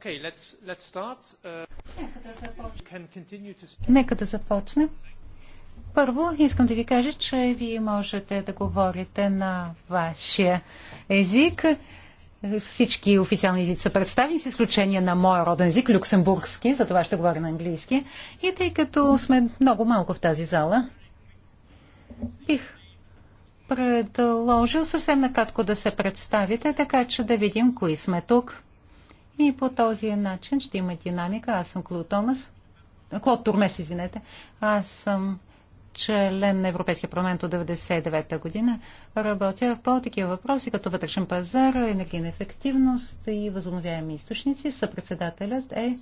Okay, let's, let's start. Uh... Нека да започнем. Първо, искам да ви кажа, че вие можете да говорите на вашия език. Всички официални езици са представени, с изключение на моя роден език, люксембургски, за това ще говоря на английски. И тъй като сме много малко в тази зала, бих предложил съвсем накратко да се представите, така че да видим кои сме тук и по този начин ще има динамика. Аз съм Клод Томас. Клод Турмес, извинете. Аз съм член на Европейския парламент от 1999 година. Работя по такива въпроси, като вътрешен пазар, енергийна ефективност и възобновяеми източници. Съпредседателят е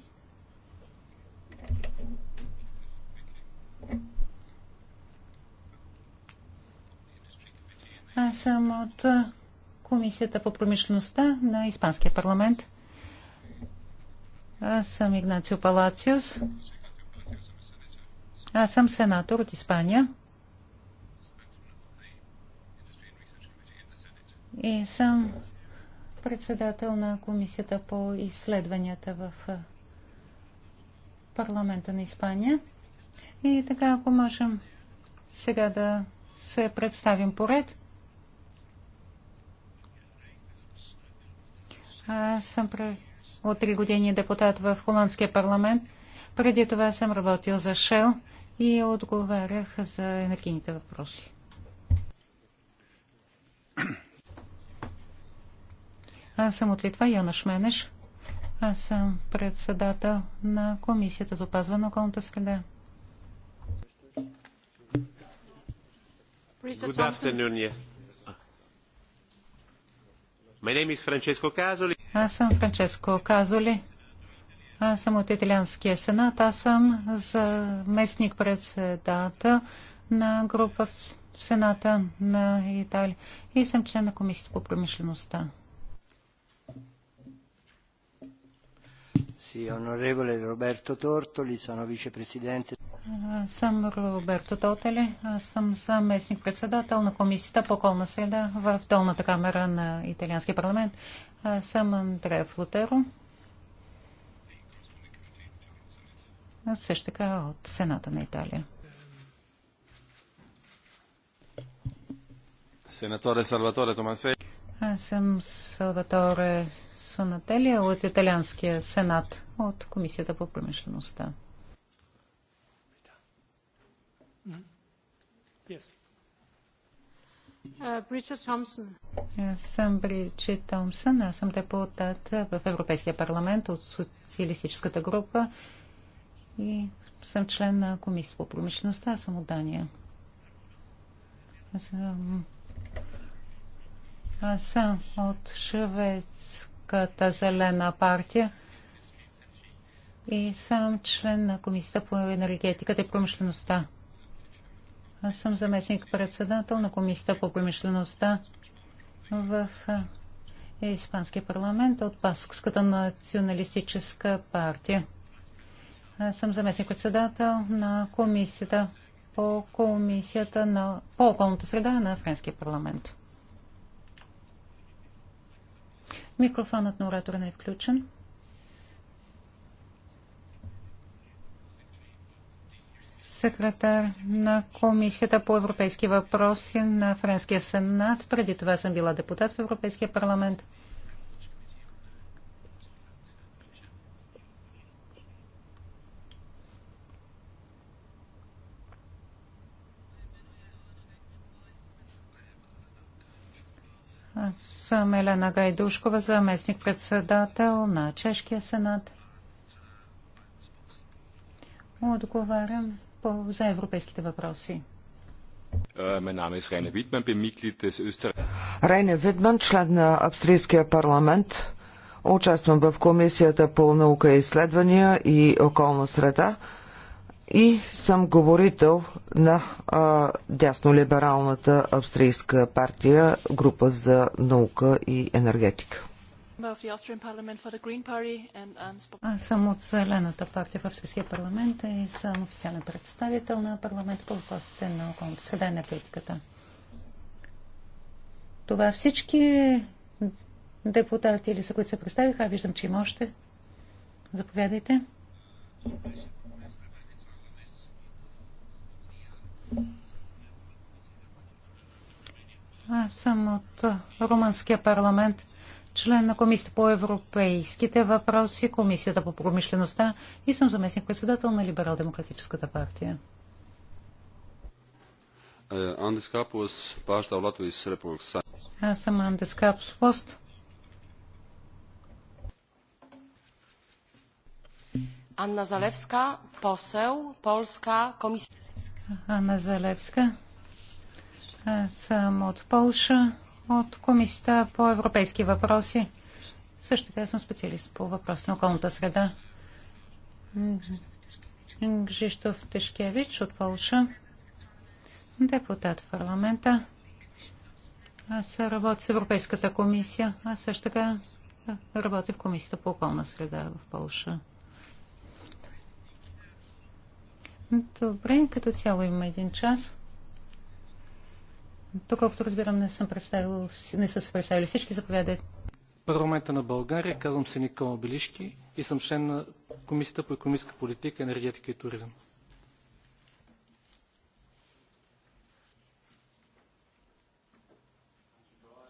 Аз съм от Комисията по промишлеността на Испанския парламент. Аз съм Игнацио Палациус. Аз съм сенатор от Испания. И съм председател на Комисията по изследванията в парламента на Испания. И така, ако можем сега да се представим поред. Аз съм пред от 3 години депутат в Холандския парламент. Преди това съм работил за Шел и отговарях за енергийните въпроси. Аз съм от Литва, Йона Шменеш. Аз съм председател на Комисията за опазване на околната среда. Good afternoon. My name is Francesco Casoli. Аз съм Франческо Казоли. Аз съм от Италианския сенат. Аз съм заместник председател на група в сената на Италия и съм член на комисията по промишлеността. Си, onorevole Роберто Тортоли, съм вице-президент. съм Роберто Тотели, Аз съм заместник председател на Комисията по околна среда в долната камера на Италианския парламент. Аз съм Андрея Флотеро. Аз също така от Сената на Италия. Сенаторе Салваторе Томасей. Аз съм Салваторе Сонателия от Италианския сенат, от Комисията по промишлеността. Yes. Бричард е, Томсън. Аз съм Бричи Томсън. Аз съм депутат в Европейския парламент от социалистическата група и съм член на Комисия по промишлеността. Аз съм от Дания. Аз съм, аз съм от шведската зелена партия и съм член на Комисията по енергетиката и промишлеността. Аз съм заместник-председател на Комисията по промишлеността в е, Испанския парламент от Паскската националистическа партия. Аз съм заместник-председател на Комисията по Комисията на, по околната среда на Френския парламент. Микрофонът на оратора не е включен. секретар на Комисията по европейски въпроси на Френския сенат. Преди това съм била депутат в Европейския парламент. съм Елена Гайдушкова, заместник-председател на Чешкия сенат. Отговарям по, за европейските въпроси. Е, е Рейне Видман, член на Австрийския парламент. Участвам в Комисията по наука и изследвания и околна среда и съм говорител на а, дяснолибералната австрийска партия Група за наука и енергетика. Аз съм от Зелената партия в Австрийския парламент и съм официален представител на парламент по въпросите на околната среда и енергетиката. Това всички депутати или са, които се представиха, а виждам, че има още. Заповядайте. Аз съм от Румънския парламент член на Комисията по европейските въпроси, Комисията по промишлеността и съм заместник-председател на Либерал-демократическата партия. Андес Капус, pārstāv Олатвис, Republikas Saimnes. Аз съм Андес Капус Пост. Анна Залевска, посел, Полска комисия. Анна Залевска. Аз съм от Полша от Комисията по европейски въпроси. Също така съм специалист по въпроси на околната среда. Гжиштов Тешкевич от Полша, депутат в парламента. Аз работя с Европейската комисия, а също така работя в Комисията по околна среда в Полша. Добре, като цяло има един час. Доколкото разбирам, не, съм представил, не са се представили всички. Заповядайте. Парламента на България, казвам се Никола Белишки и съм член на Комисията по економическа политика, енергетика и туризъм.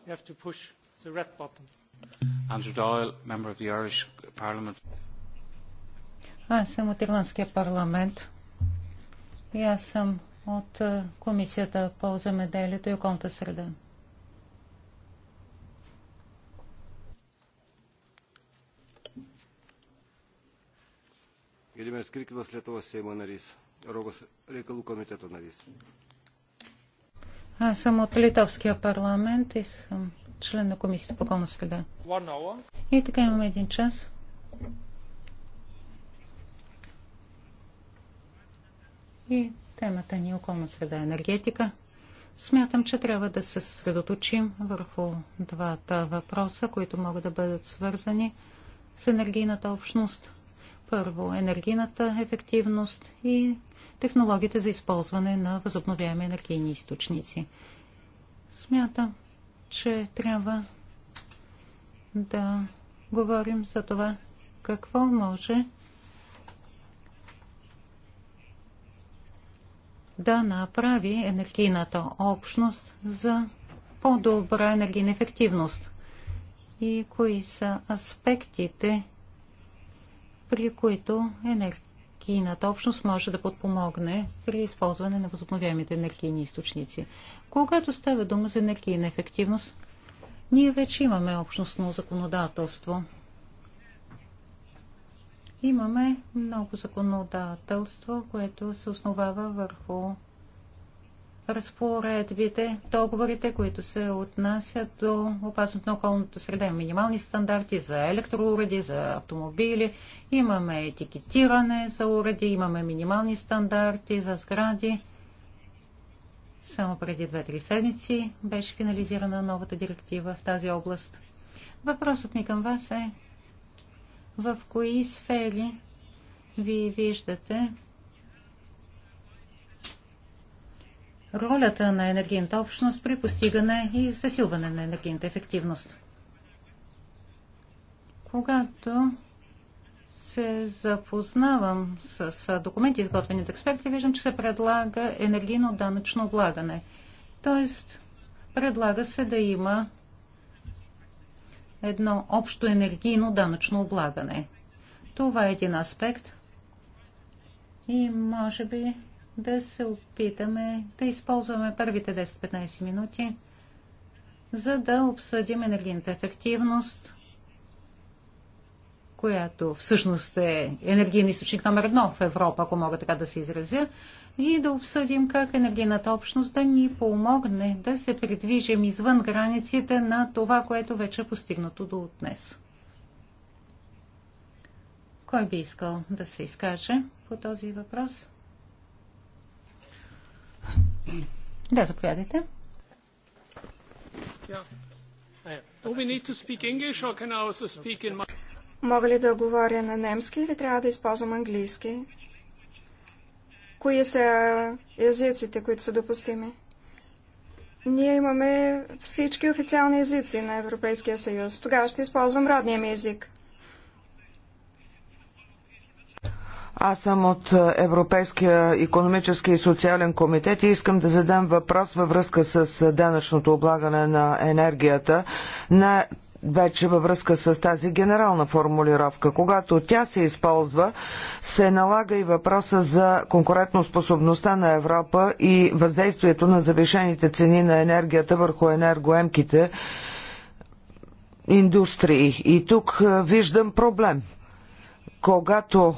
You have member of the Irish Parliament. Аз съм от Ирландския парламент и аз съм от е, Комисията по земеделието и околната среда. след това Gediminas Kirkilas, Lietuvos Seimo narys, Europos комитета на РИС. Аз съм от Литовския парламент и съм член на Комисията по околна среда. И така имаме един час. И Темата ни е околна среда енергетика. Смятам, че трябва да се съсредоточим върху двата въпроса, които могат да бъдат свързани с енергийната общност. Първо, енергийната ефективност и технологиите за използване на възобновяеми енергийни източници. Смятам, че трябва да говорим за това какво може да направи енергийната общност за по-добра енергийна ефективност и кои са аспектите, при които енергийната общност може да подпомогне при използване на възобновяемите енергийни източници. Когато става дума за енергийна ефективност, ние вече имаме общностно законодателство – Имаме много законодателство, което се основава върху разпоредбите, договорите, които се отнасят до опасност на околната среда. Минимални стандарти за електроуреди, за автомобили. Имаме етикетиране за уреди, имаме минимални стандарти за сгради. Само преди 2-3 седмици беше финализирана новата директива в тази област. Въпросът ми към вас е в кои сфери вие виждате ролята на енергийната общност при постигане и засилване на енергийната ефективност. Когато се запознавам с документи, изготвени от експерти, виждам, че се предлага енергийно данъчно облагане. Тоест, предлага се да има едно общо енергийно данъчно облагане. Това е един аспект. И може би да се опитаме да използваме първите 10-15 минути, за да обсъдим енергийната ефективност, която всъщност е енергийен източник номер едно в Европа, ако мога така да се изразя, и да обсъдим как енергийната общност да ни помогне да се придвижим извън границите на това, което вече е постигнато до днес. Кой би искал да се изкаже по този въпрос? Да, заповядайте. Мога ли да говоря на немски или трябва да използвам английски? кои са езиците, които са допустими. Ние имаме всички официални езици на Европейския съюз. Тогава ще използвам родния ми език. Аз съм от Европейския економически и социален комитет и искам да задам въпрос във връзка с данъчното облагане на енергията. На вече във връзка с тази генерална формулировка. Когато тя се използва, се налага и въпроса за конкурентоспособността на Европа и въздействието на завишените цени на енергията върху енергоемките индустрии. И тук виждам проблем. Когато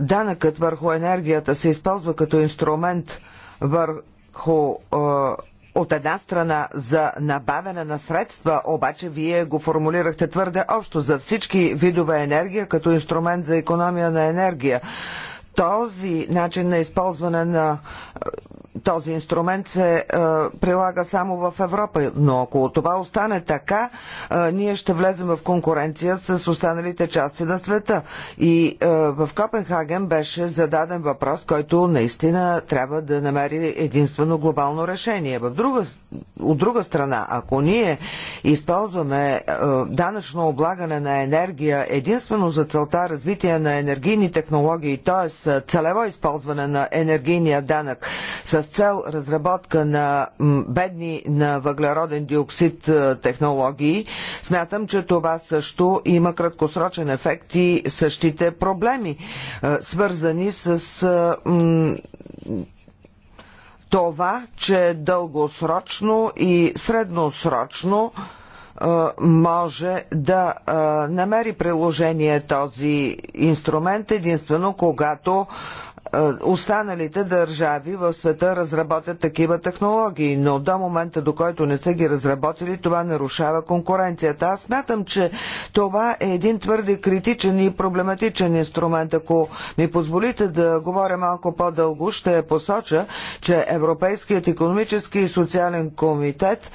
данъкът върху енергията се използва като инструмент върху от една страна за набавяне на средства, обаче вие го формулирахте твърде общо за всички видове енергия като инструмент за економия на енергия. Този начин на използване на този инструмент се е, прилага само в Европа. Но ако това остане така, е, ние ще влезем в конкуренция с останалите части на света. И е, в Копенхаген беше зададен въпрос, който наистина трябва да намери единствено глобално решение. В друга, от друга страна, ако ние използваме данъчно облагане на енергия единствено за целта развитие на енергийни технологии, т.е. целево използване на енергийния данък с цел разработка на бедни на въглероден диоксид е, технологии, смятам, че това също има краткосрочен ефект и същите проблеми, е, свързани с е, това, че дългосрочно и средносрочно може да намери приложение този инструмент единствено когато е, останалите държави в света разработят такива технологии, но до момента, до който не са ги разработили, това нарушава конкуренцията. Аз смятам, че това е един твърде критичен и проблематичен инструмент. Ако ми позволите да говоря малко по-дълго, ще посоча, че Европейският економически и социален комитет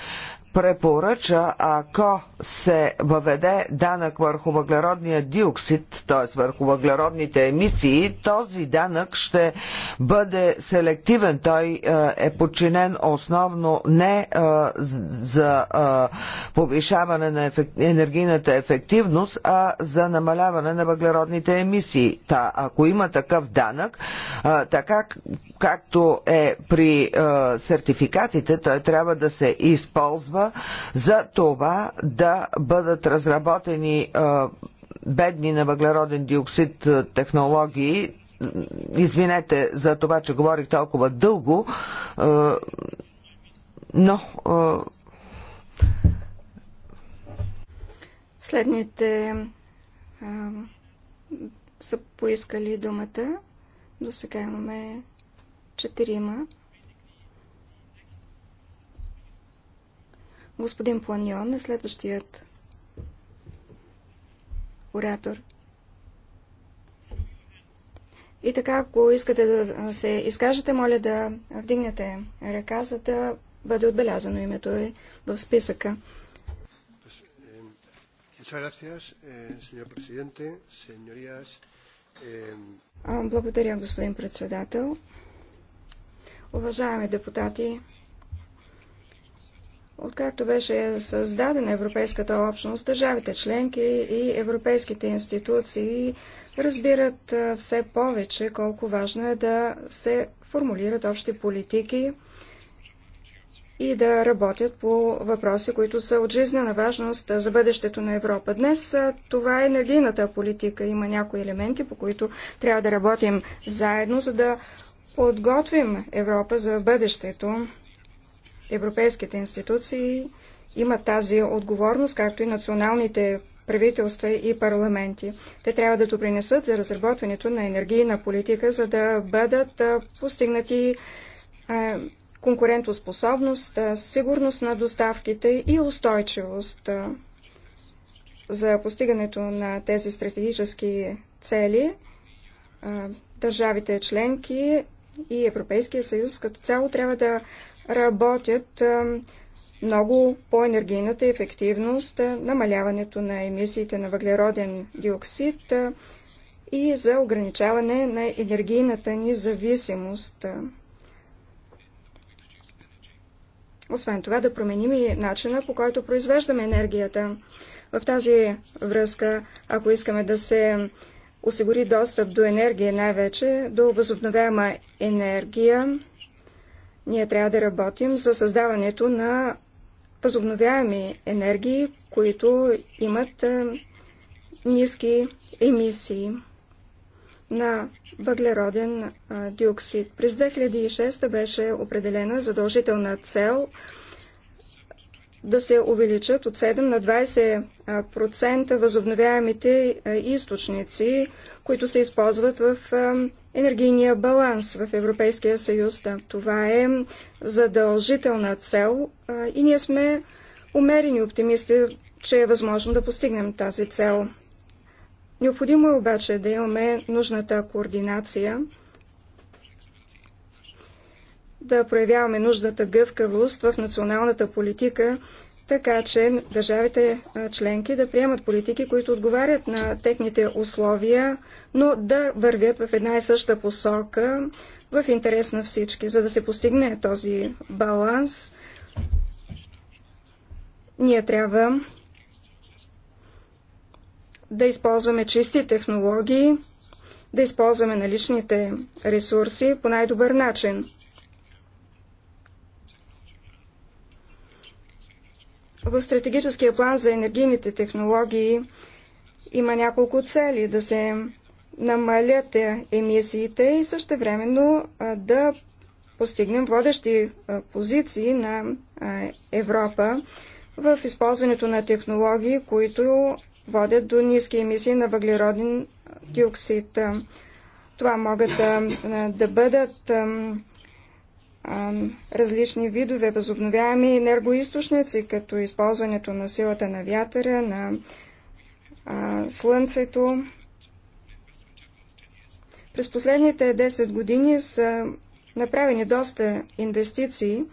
препоръча, ако се въведе данък върху въглеродния диоксид, т.е. върху въглеродните емисии, този данък ще бъде селективен. Той е, е подчинен основно не е, за е, повишаване на енергийната ефективност, а за намаляване на въглеродните емисии. Та, ако има такъв данък, така както е при е, сертификатите, той трябва да се използва за това да бъдат разработени е, бедни на въглероден диоксид технологии. Извинете за това, че говорих толкова дълго, е, но. Следните са поискали думата. До сега имаме четирима. Господин Планьон е следващият оратор. И така, ако искате да се изкажете, моля да вдигнете ръка, за да бъде отбелязано името е в списъка. Eh, благодаря, господин председател. Уважаеми депутати, Откакто беше създадена Европейската общност, държавите членки и европейските институции разбират все повече колко важно е да се формулират общи политики и да работят по въпроси, които са от жизнена важност за бъдещето на Европа. Днес това е енергийната политика. Има някои елементи, по които трябва да работим заедно, за да подготвим Европа за бъдещето. Европейските институции имат тази отговорност, както и националните правителства и парламенти. Те трябва да допринесат за разработването на енергийна политика, за да бъдат постигнати конкурентоспособност, сигурност на доставките и устойчивост. За постигането на тези стратегически цели държавите членки и Европейския съюз като цяло трябва да работят много по енергийната ефективност, намаляването на емисиите на въглероден диоксид и за ограничаване на енергийната ни зависимост. Освен това да променим и начина по който произвеждаме енергията. В тази връзка, ако искаме да се осигури достъп до енергия, най-вече до възобновяема енергия, ние трябва да работим за създаването на възобновяеми енергии, които имат е, ниски емисии на въглероден е, диоксид. През 2006 беше определена задължителна цел – да се увеличат от 7 на 20% възобновяемите източници, които се използват в енергийния баланс в Европейския съюз. Да, това е задължителна цел и ние сме умерени оптимисти, че е възможно да постигнем тази цел. Необходимо е обаче да имаме нужната координация – да проявяваме нуждата гъвкавост в националната политика, така че държавите членки да приемат политики, които отговарят на техните условия, но да вървят в една и съща посока в интерес на всички. За да се постигне този баланс, ние трябва да използваме чисти технологии, да използваме наличните ресурси по най-добър начин. В стратегическия план за енергийните технологии има няколко цели да се намалят е, емисиите и също времено да постигнем водещи позиции на Европа в използването на технологии, които водят до ниски емисии на въглероден диоксид. Това могат да бъдат различни видове възобновяеми енергоисточници, като използването на силата на вятъра, на а, слънцето. През последните 10 години са направени доста инвестиции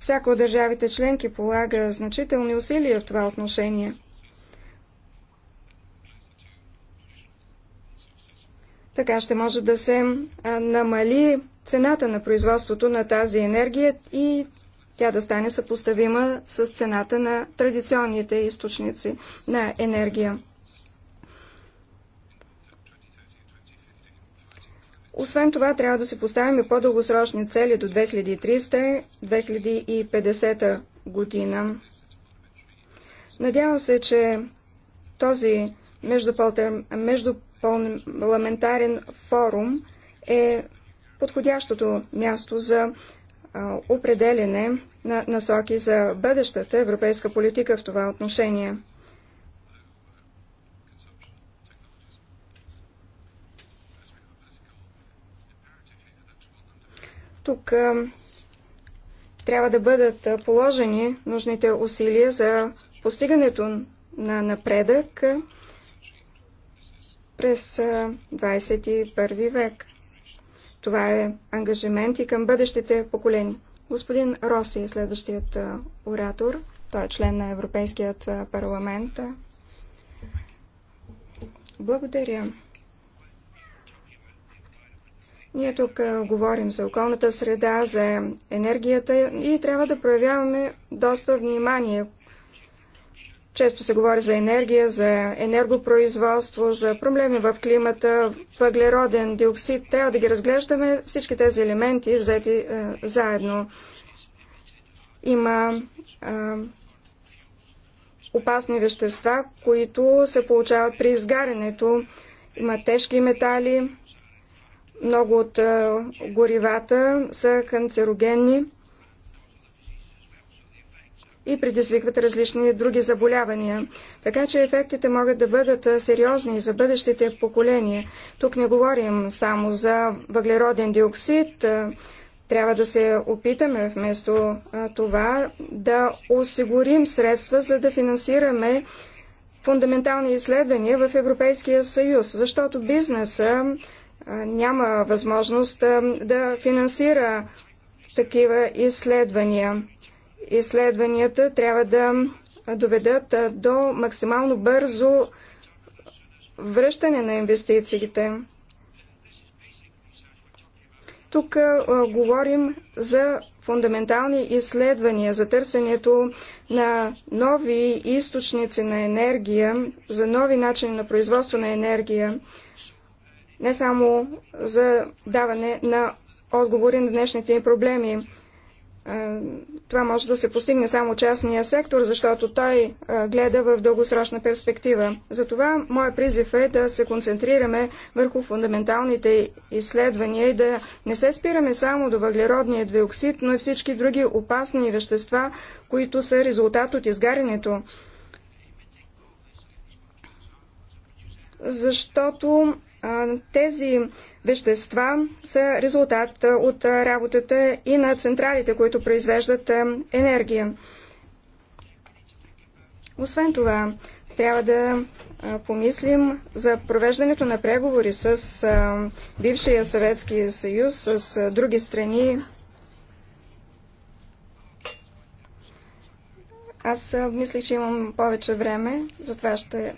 Всяко от държавите членки полага значителни усилия в това отношение – Така ще може да се намали цената на производството на тази енергия и тя да стане съпоставима с цената на традиционните източници на енергия. Освен това, трябва да се поставим по-дългосрочни цели до 2300-2050 година. Надявам се, че този междупланетарен парламентарен форум е подходящото място за определене на насоки за бъдещата европейска политика в това отношение. Тук трябва да бъдат положени нужните усилия за постигането на напредък през 21 век. Това е ангажимент и към бъдещите поколения. Господин Роси е следващият оратор. Той е член на Европейският парламент. Благодаря. Ние тук говорим за околната среда, за енергията и трябва да проявяваме доста внимание, често се говори за енергия, за енергопроизводство, за проблеми в климата, въглероден диоксид. Трябва да ги разглеждаме всички тези елементи взети е, заедно. Има е, опасни вещества, които се получават при изгарянето. Има тежки метали. Много от е, горивата са канцерогенни и предизвикват различни други заболявания. Така че ефектите могат да бъдат сериозни за бъдещите поколения. Тук не говорим само за въглероден диоксид, трябва да се опитаме вместо това да осигурим средства, за да финансираме фундаментални изследвания в Европейския съюз, защото бизнеса няма възможност да финансира такива изследвания изследванията трябва да доведат до максимално бързо връщане на инвестициите. Тук а, говорим за фундаментални изследвания, за търсенето на нови източници на енергия, за нови начини на производство на енергия, не само за даване на отговори на днешните проблеми. Е, това може да се постигне само частния сектор, защото той е, гледа в дългосрочна перспектива. Затова моят призив е да се концентрираме върху фундаменталните изследвания и да не се спираме само до въглеродния диоксид, но и всички други опасни вещества, които са резултат от изгарянето. Защото тези вещества са резултат от работата и на централите, които произвеждат енергия. Освен това, трябва да помислим за провеждането на преговори с бившия Съветски съюз, с други страни. Аз мислих, че имам повече време, затова ще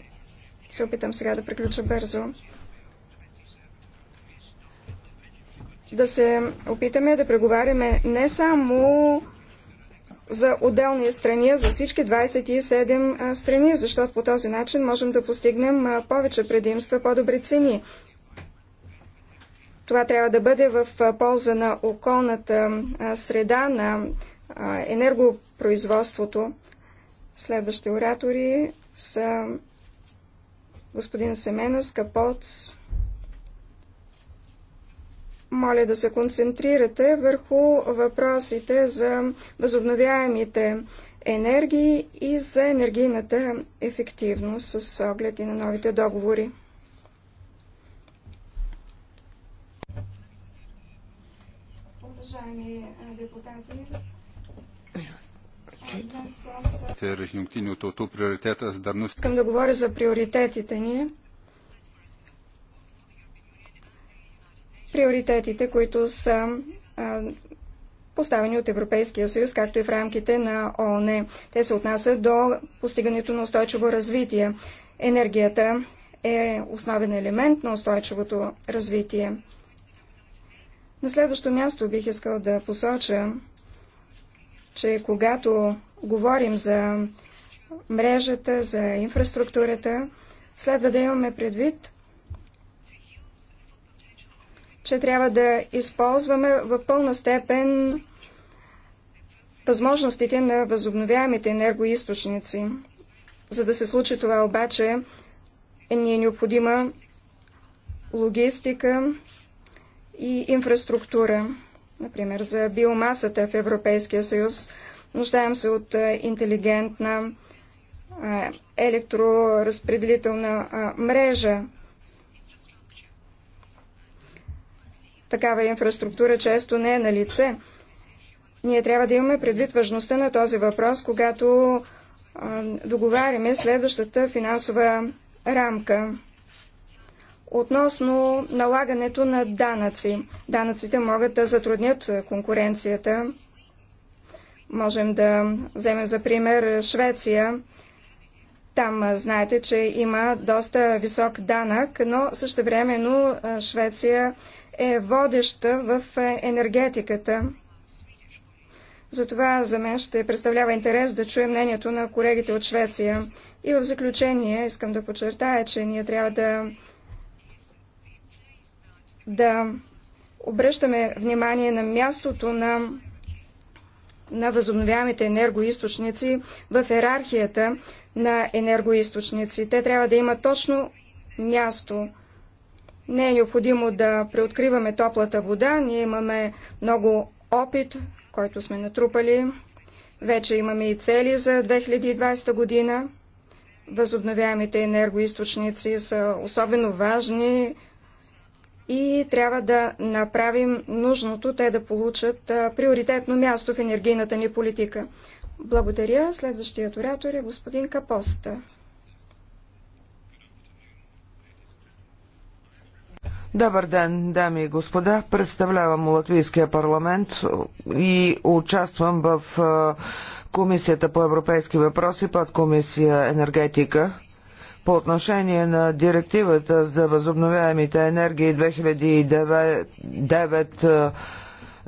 се опитам сега да приключа бързо. да се опитаме да преговаряме не само за отделни страни, а за всички 27 страни, защото по този начин можем да постигнем повече предимства, по-добри цени. Това трябва да бъде в полза на околната среда, на енергопроизводството. Следващите оратори са господин Семена Скапоц моля да се концентрирате върху въпросите за възобновяемите енергии и за енергийната ефективност с оглед и на новите договори. Уважаеми е, депутати, е, е, Искам да говоря за приоритетите ни. приоритетите, които са поставени от Европейския съюз, както и в рамките на ООН. Те се отнасят до постигането на устойчиво развитие. Енергията е основен елемент на устойчивото развитие. На следващо място бих искал да посоча, че когато говорим за мрежата, за инфраструктурата, следва да имаме предвид, че трябва да използваме в пълна степен възможностите на възобновяемите енергоисточници. За да се случи това обаче, е ни е необходима логистика и инфраструктура. Например, за биомасата в Европейския съюз нуждаем се от интелигентна електроразпределителна мрежа, Такава инфраструктура често не е на лице. Ние трябва да имаме предвид важността на този въпрос, когато а, договаряме следващата финансова рамка. Относно налагането на данъци. Данъците могат да затруднят конкуренцията. Можем да вземем за пример Швеция. Там знаете, че има доста висок данък, но също времено Швеция е водеща в е, енергетиката. Затова за мен ще представлява интерес да чуя мнението на колегите от Швеция. И в заключение искам да подчертая, че ние трябва да, да обръщаме внимание на мястото на, на възобновяемите енергоисточници в иерархията на енергоисточници. Те трябва да имат точно място не е необходимо да преоткриваме топлата вода. Ние имаме много опит, който сме натрупали. Вече имаме и цели за 2020 година. Възобновяемите енергоисточници са особено важни и трябва да направим нужното те да получат приоритетно място в енергийната ни политика. Благодаря. Следващият оратор е господин Капоста. Добър ден, дами и господа. Представлявам Латвийския парламент и участвам в Комисията по европейски въпроси под Комисия енергетика. По отношение на директивата за възобновяемите енергии 2009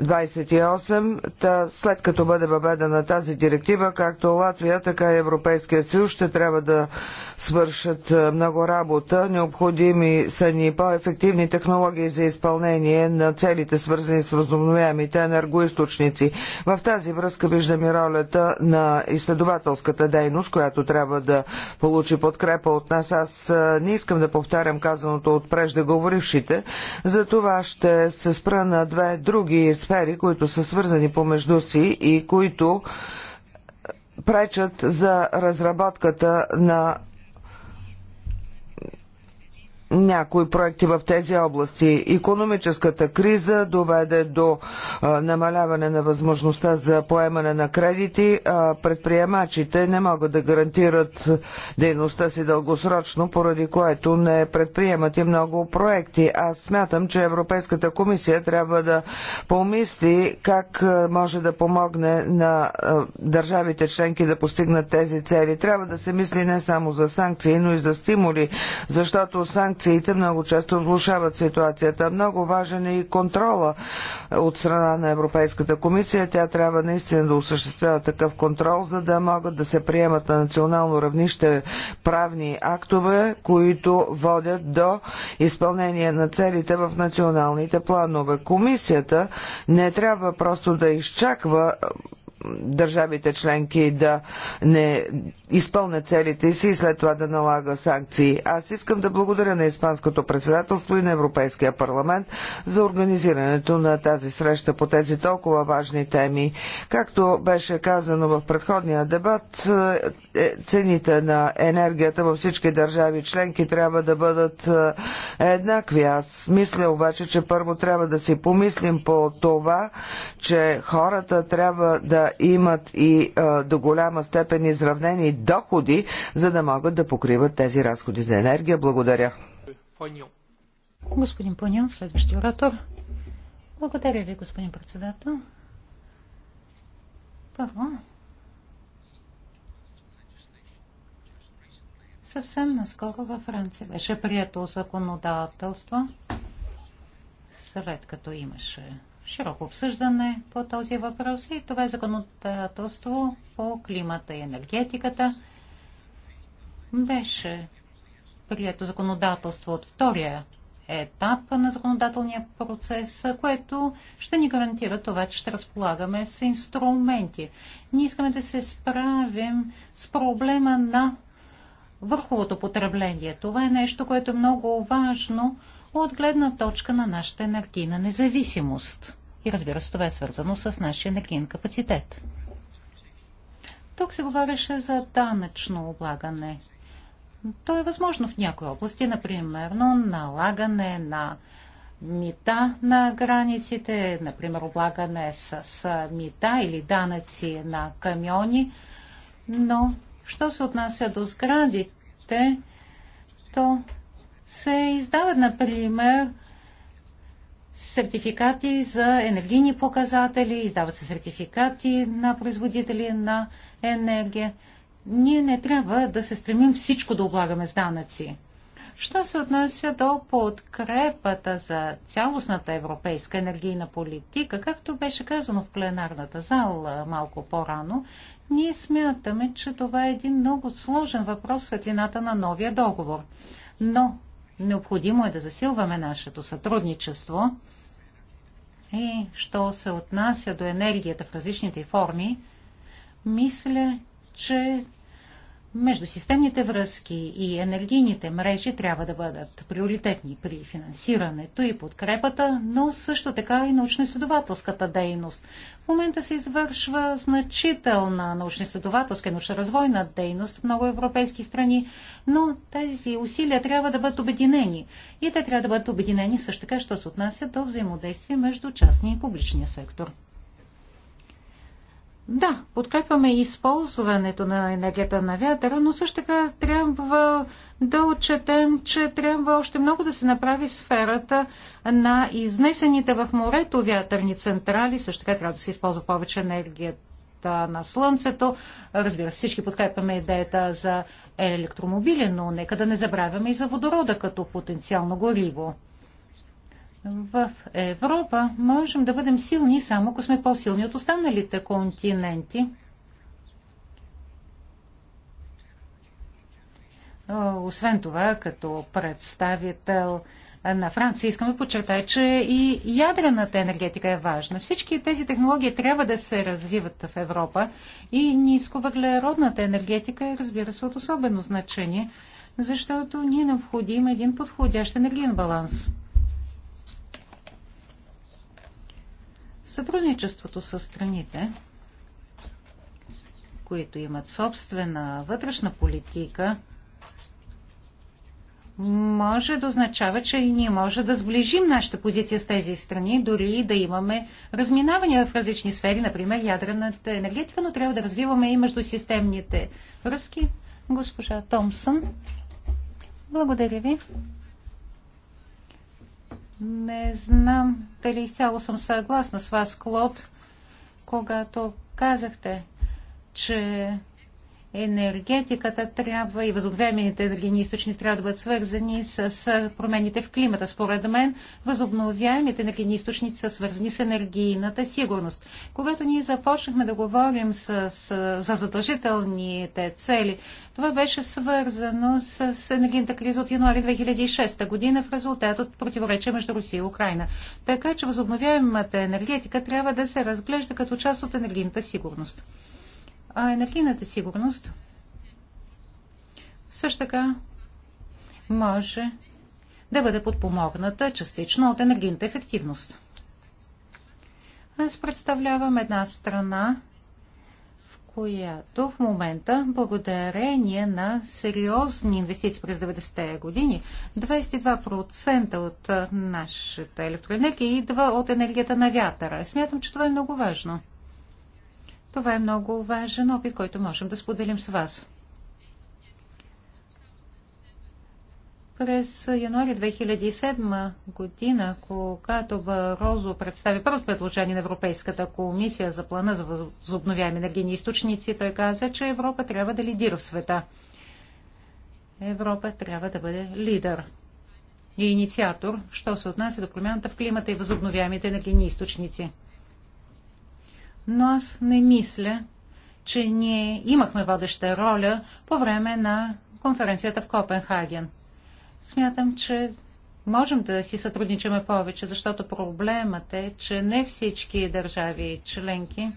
28, та след като бъде въведена тази директива, както Латвия, така и Европейския съюз ще трябва да свършат е, много работа. Необходими са ни по-ефективни технологии за изпълнение на целите, свързани с възобновяемите енергоисточници. В тази връзка виждаме ролята на изследователската дейност, която трябва да получи подкрепа от нас. Аз е, не искам да повтарям казаното от преждеговорившите, за това ще се спра на две други сфери сфери, които са свързани помежду си и които пречат за разработката на някои проекти в тези области. Економическата криза доведе до намаляване на възможността за поемане на кредити. А предприемачите не могат да гарантират дейността си дългосрочно, поради което не предприемат и много проекти. Аз смятам, че Европейската комисия трябва да помисли как може да помогне на държавите членки да постигнат тези цели. Трябва да се мисли не само за санкции, но и за стимули, защото санкциите институциите много често влушават ситуацията. Много важен е и контрола от страна на Европейската комисия. Тя трябва наистина да осъществява такъв контрол, за да могат да се приемат на национално равнище правни актове, които водят до изпълнение на целите в националните планове. Комисията не трябва просто да изчаква държавите членки да не изпълнят целите си и след това да налага санкции. Аз искам да благодаря на Испанското председателство и на Европейския парламент за организирането на тази среща по тези толкова важни теми. Както беше казано в предходния дебат, е, цените на енергията във всички държави членки трябва да бъдат е, еднакви. Аз мисля обаче, че първо трябва да си помислим по това, че хората трябва да имат и до голяма степен изравнени доходи, за да могат да покриват тези разходи за енергия. Благодаря. Господин Понян, следващия оратор. Благодаря ви, господин председател. Първо, съвсем наскоро във Франция беше прието законодателство, след като имаше широко обсъждане по този въпрос и това е законодателство по климата и енергетиката. Беше прието законодателство от втория етап на законодателния процес, което ще ни гарантира това, че ще разполагаме с инструменти. Ние искаме да се справим с проблема на върховото потребление. Това е нещо, което е много важно от гледна точка на нашата енергийна независимост. И разбира се, това е свързано с нашия енергиен капацитет. Тук се говореше за данъчно облагане. То е възможно в някои области, например, налагане на мита на границите, например, облагане с, с мита или данъци на камиони. Но, що се отнася до сградите, то се издават, например, сертификати за енергийни показатели, издават се сертификати на производители на енергия. Ние не трябва да се стремим всичко да облагаме с данъци. Що се отнася до подкрепата за цялостната европейска енергийна политика, както беше казано в пленарната зала малко по-рано, ние смятаме, че това е един много сложен въпрос в светлината на новия договор. Но Необходимо е да засилваме нашето сътрудничество и що се отнася до енергията в различните форми, мисля, че Междусистемните връзки и енергийните мрежи трябва да бъдат приоритетни при финансирането и подкрепата, но също така и научно-изследователската дейност. В момента се извършва значителна научно-изследователска и научно-развойна дейност в много европейски страни, но тези усилия трябва да бъдат обединени. И те трябва да бъдат обединени също така, що се отнася до взаимодействие между частния и публичния сектор. Да, подкрепяме използването на енергията на вятъра, но също така трябва да отчетем, че трябва още много да се направи в сферата на изнесените в морето вятърни централи. Също така трябва да се използва повече енергията на Слънцето. Разбира се, всички подкрепяме идеята за електромобили, но нека да не забравяме и за водорода като потенциално гориво в Европа можем да бъдем силни само ако сме по-силни от останалите континенти. Освен това, като представител на Франция, искам да подчертая, че и ядрената енергетика е важна. Всички тези технологии трябва да се развиват в Европа и нисковъглеродната енергетика е, разбира се, от особено значение, защото ни е необходим един подходящ енергиен баланс. Сътрудничеството с страните, които имат собствена вътрешна политика, може да означава, че и ние може да сближим нашата позиция с тези страни, дори и да имаме разминавания в различни сфери, например ядрената енергетика, но трябва да развиваме и междусистемните връзки. Госпожа Томсън, благодаря ви. Не знам дали изцяло съм съгласна с вас, Клод, когато казахте, че енергетиката трябва и възобновяемите енергийни източници трябва да бъдат свързани с промените в климата. Според мен, възобновяемите енергийни източници са свързани с енергийната сигурност. Когато ние започнахме да говорим с, с, за задължителните цели, това беше свързано с, енергийната криза от януари 2006 година в резултат от противоречия между Русия и Украина. Така че възобновяемата енергетика трябва да се разглежда като част от енергийната сигурност а енергийната сигурност също така може да бъде подпомогната частично от енергийната ефективност. Аз представлявам една страна, в която в момента, благодарение на сериозни инвестиции през 90-те години, 22% от нашата електроенергия идва от енергията на вятъра. Смятам, че това е много важно – това е много важен опит, който можем да споделим с вас. През януари 2007 година, когато Барозо представи първото предложение на Европейската комисия за плана за възобновяеми енергийни източници, той каза, че Европа трябва да лидира в света. Европа трябва да бъде лидер и инициатор, що се отнася до промяната в климата и възобновяемите енергийни източници но аз не мисля, че ние имахме водеща роля по време на конференцията в Копенхаген. Смятам, че можем да си сътрудничаме повече, защото проблемът е, че не всички държави членки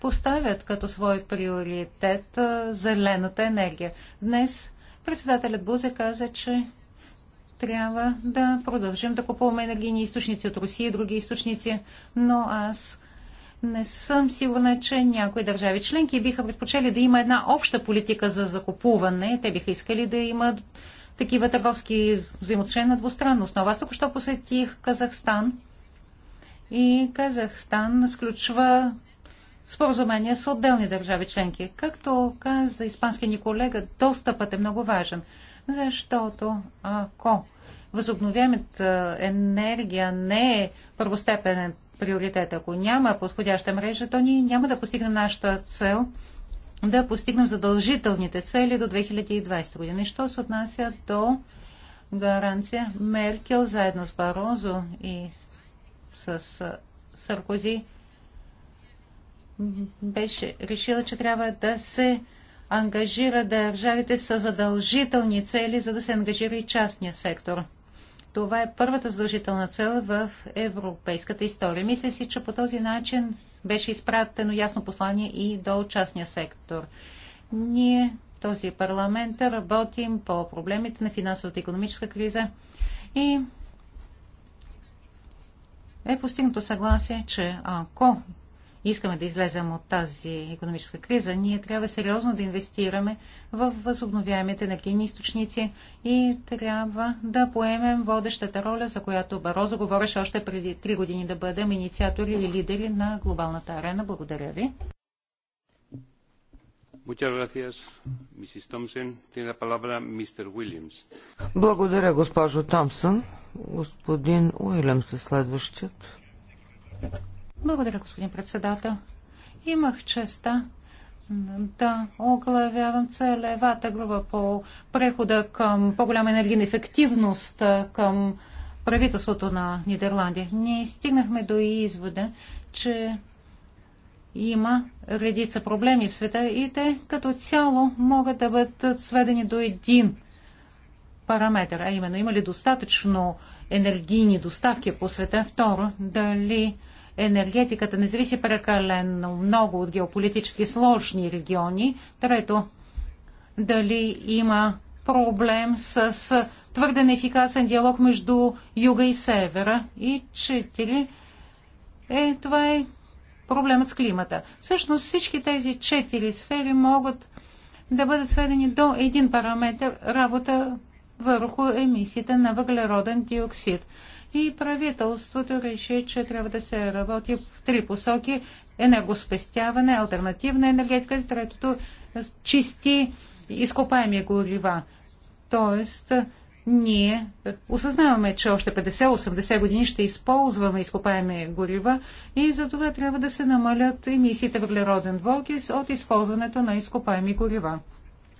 поставят като свой приоритет зелената енергия. Днес председателят Бузе каза, че трябва да продължим да купуваме енергийни източници от Русия и други източници, но аз не съм сигурна, че някои държави членки биха предпочели да има една обща политика за закупуване. Те биха искали да имат такива търговски взаимоотношения на двустранна основа. Аз току що посетих Казахстан и Казахстан сключва споразумения с отделни държави членки. Както каза испанския ни колега, достъпът е много важен, защото ако възобновяемата енергия не е първостепенен приоритет. Ако няма подходяща мрежа, то ние няма да постигнем нашата цел да постигнем задължителните цели до 2020 година. И що се отнася до гаранция Меркел заедно с Барозо и с Саркози беше решила, че трябва да се ангажира държавите с задължителни цели, за да се ангажира и частния сектор. Това е първата задължителна цел в европейската история. Мисля си, че по този начин беше изпратено ясно послание и до частния сектор. Ние, този парламент, работим по проблемите на финансовата и економическа криза и е постигнато съгласие, че ако искаме да излезем от тази економическа криза, ние трябва сериозно да инвестираме в възобновяемите енергийни източници и трябва да поемем водещата роля, за която Барозо говореше още преди три години да бъдем инициатори и лидери на глобалната арена. Благодаря ви. Благодаря, госпожо Томсън. Господин Уилямс е следващият. Благодаря, господин председател. Имах честа да оглавявам целевата група по прехода към по-голяма енергийна ефективност към правителството на Нидерландия. Ние стигнахме до извода, че има редица проблеми в света и те като цяло могат да бъдат сведени до един параметър, а именно има ли достатъчно енергийни доставки по света. Второ, дали енергетиката не зависи прекалено много от геополитически сложни региони. Трето, дали има проблем с твърде неефикасен диалог между юга и севера. И четири, е, това е проблемът с климата. Всъщност всички тези четири сфери могат да бъдат сведени до един параметр работа върху емисиите на въглероден диоксид и правителството реши, че трябва да се работи в три посоки енергоспестяване, альтернативна енергетика и третото чисти изкопаеми горива. Тоест, ние осъзнаваме, че още 50-80 години ще използваме изкопаеми горива и за това трябва да се намалят емисиите въглероден двокис от използването на изкопаеми горива.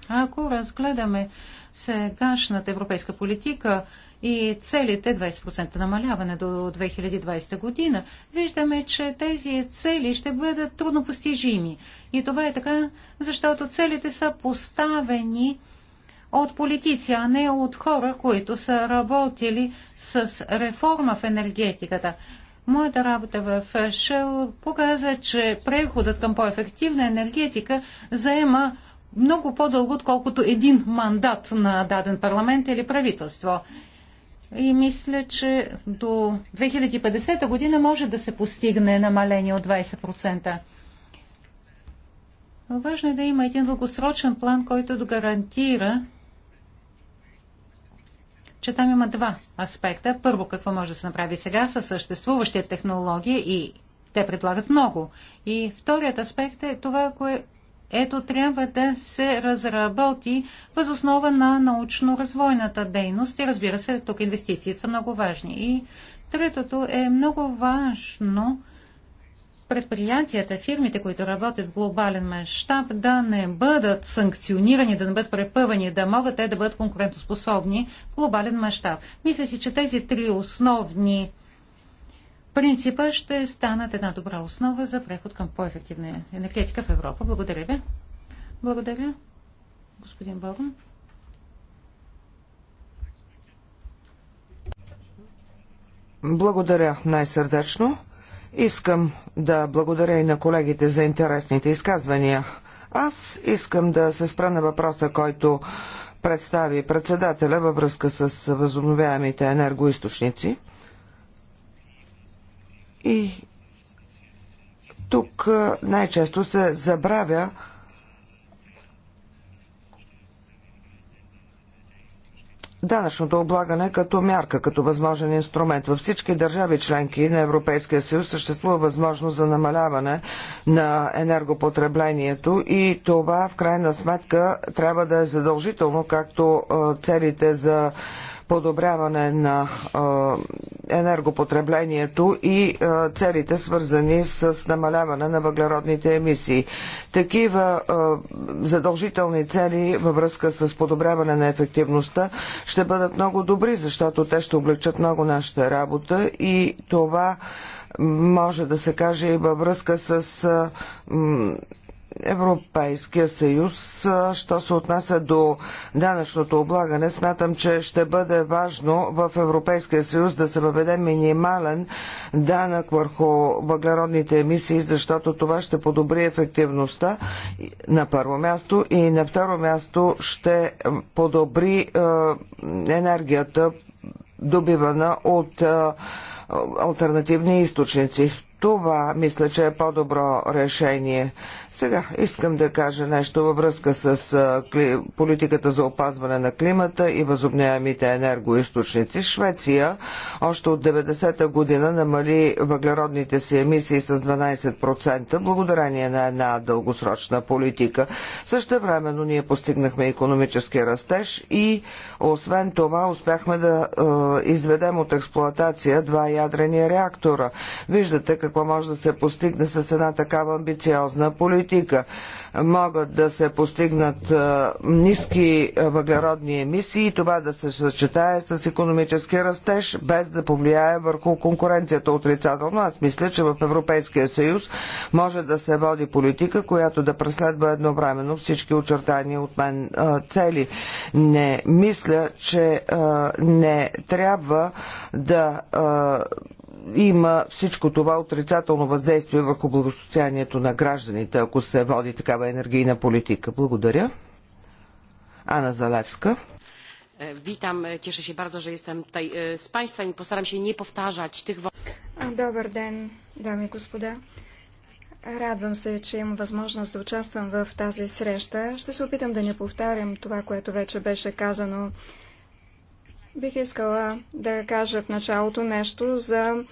Ако разгледаме сегашната европейска политика и целите 20% намаляване до 2020 година, виждаме, че тези цели ще бъдат трудно постижими. И това е така, защото целите са поставени от политици, а не от хора, които са работили с реформа в енергетиката. Моята работа в Шел показа, че преходът към по-ефективна енергетика заема много по-дълго, отколкото един мандат на даден парламент или правителство и мисля, че до 2050 година може да се постигне намаление от 20%. Важно е да има един дългосрочен план, който да гарантира, че там има два аспекта. Първо, какво може да се направи сега с съществуващия технологии и те предлагат много. И вторият аспект е това, кое, ето трябва да се разработи възоснова на научно-развойната дейност и разбира се, тук инвестициите са много важни. И третото е много важно предприятията, фирмите, които работят в глобален мащаб, да не бъдат санкционирани, да не бъдат препъвани, да могат те да бъдат конкурентоспособни в глобален мащаб. Мисля си, че тези три основни принципа ще станат една добра основа за преход към по-ефективна енергетика в Европа. Благодаря ви. Благодаря, господин Борн. Благодаря най-сърдечно. Искам да благодаря и на колегите за интересните изказвания. Аз искам да се спра на въпроса, който представи председателя във връзка с възобновяемите енергоисточници. И тук най-често се забравя данъчното облагане като мярка, като възможен инструмент. Във всички държави членки на Европейския съюз съществува възможност за намаляване на енергопотреблението и това в крайна сметка трябва да е задължително, както целите за подобряване на енергопотреблението и целите свързани с намаляване на въглеродните емисии. Такива задължителни цели във връзка с подобряване на ефективността ще бъдат много добри, защото те ще облегчат много нашата работа и това може да се каже и във връзка с Европейския съюз, що се отнася до данъчното облагане, смятам, че ще бъде важно в Европейския съюз да се въведе минимален данък върху въглеродните емисии, защото това ще подобри ефективността на първо място и на второ място ще подобри енергията добивана от альтернативни източници. Това мисля, че е по-добро решение. Сега искам да кажа нещо във връзка с политиката за опазване на климата и възобняемите енергоисточници. Швеция още от 90-та година намали въглеродните си емисии с 12% благодарение на една дългосрочна политика. Също времено ние постигнахме економически растеж и освен това, успяхме да е, изведем от експлоатация два ядрени реактора. Виждате какво може да се постигне с една такава амбициозна политика могат да се постигнат ниски въглеродни емисии и това да се съчетае с економически растеж, без да повлияе върху конкуренцията отрицателно. Аз мисля, че в Европейския съюз може да се води политика, която да преследва едновременно всички очертани от мен цели. Не мисля, че не трябва да има всичко това отрицателно въздействие върху благосостоянието на гражданите, ако се води такава енергийна политика. Благодаря. Ана Залевска. Witam, cieszę się bardzo, że jestem tutaj z Państwem i postaram się nie powtarzać tych... Добър ден, дами и господа. Радвам се, че имам възможност да участвам в тази среща. Ще се опитам да не повтарям това, което вече беше казано. Бих искала да кажа в началото нещо за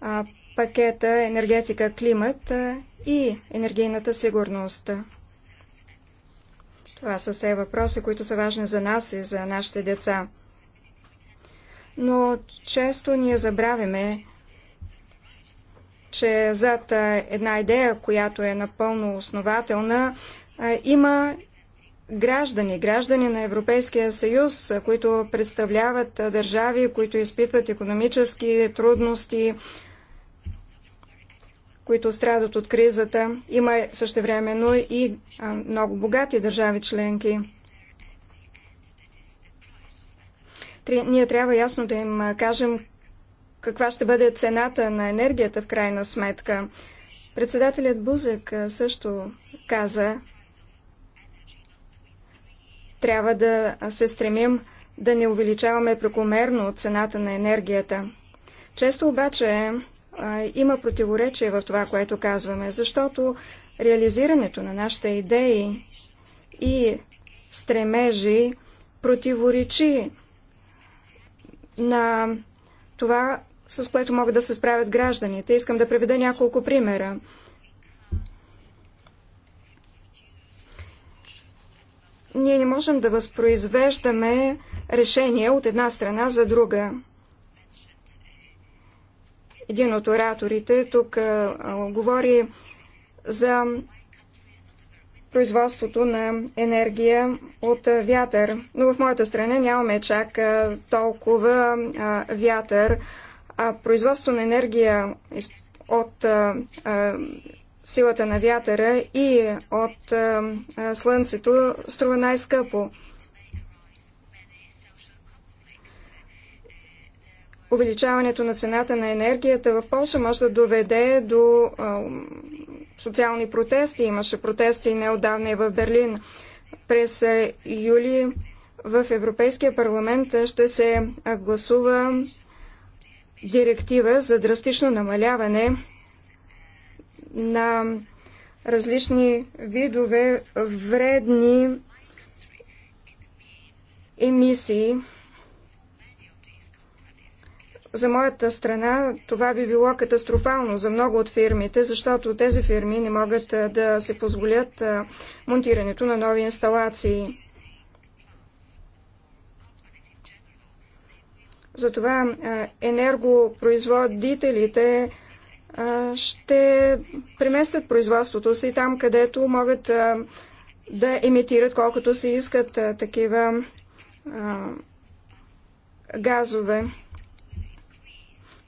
а, пакета енергетика, климат и енергийната сигурност. Това са все въпроси, които са важни за нас и за нашите деца. Но често ние забравяме, че зад една идея, която е напълно основателна, има граждани, граждани на Европейския съюз, които представляват държави, които изпитват економически трудности, които страдат от кризата. Има същевременно и много богати държави членки. Ние трябва ясно да им кажем каква ще бъде цената на енергията в крайна сметка. Председателят Бузек също каза, трябва да се стремим да не увеличаваме прекомерно цената на енергията. Често обаче а, има противоречие в това, което казваме, защото реализирането на нашите идеи и стремежи противоречи на това, с което могат да се справят гражданите. Искам да приведа няколко примера. ние не можем да възпроизвеждаме решение от една страна за друга. Един от ораторите тук а, а, говори за производството на енергия от вятър. Но в моята страна нямаме чак толкова вятър. А производство на енергия от силата на вятъра и от е, е, слънцето струва най-скъпо. Увеличаването на цената на енергията в Польша може да доведе до е, социални протести. Имаше протести неодавна и в Берлин. През юли в Европейския парламент ще се гласува директива за драстично намаляване на различни видове вредни емисии. За моята страна това би било катастрофално за много от фирмите, защото тези фирми не могат да се позволят монтирането на нови инсталации. Затова енергопроизводителите ще преместят производството си там, където могат да емитират колкото се искат такива газове,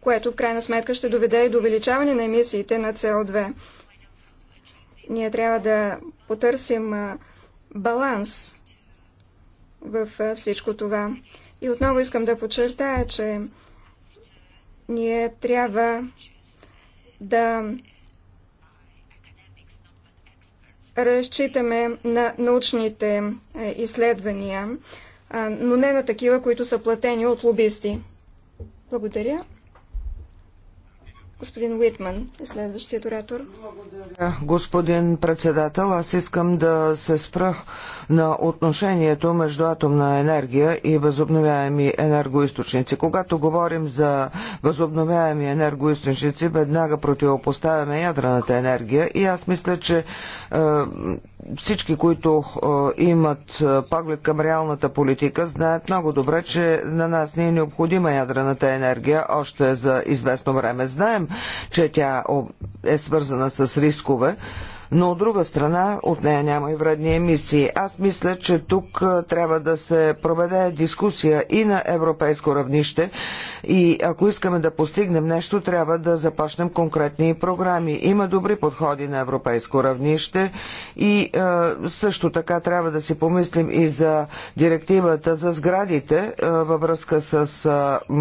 което в крайна сметка ще доведе и до увеличаване на емисиите на СО2. Ние трябва да потърсим баланс в всичко това. И отново искам да подчертая, че ние трябва да разчитаме на научните е, изследвания, но не на такива, които са платени от лобисти. Благодаря. Господин Уитман е следващият оратор. Благодаря, господин председател. Аз искам да се спра на отношението между атомна енергия и възобновяеми енергоисточници. Когато говорим за възобновяеми енергоисточници, веднага противопоставяме ядрената енергия и аз мисля, че е, всички, които е, имат е, поглед към реалната политика, знаят много добре, че на нас не е необходима ядрената енергия още за известно време. Знаем, че тя е свързана с рискове но от друга страна от нея няма и вредни емисии. Аз мисля, че тук трябва да се проведе дискусия и на европейско равнище и ако искаме да постигнем нещо, трябва да започнем конкретни програми. Има добри подходи на европейско равнище и е, също така трябва да си помислим и за директивата за сградите е, във връзка с е,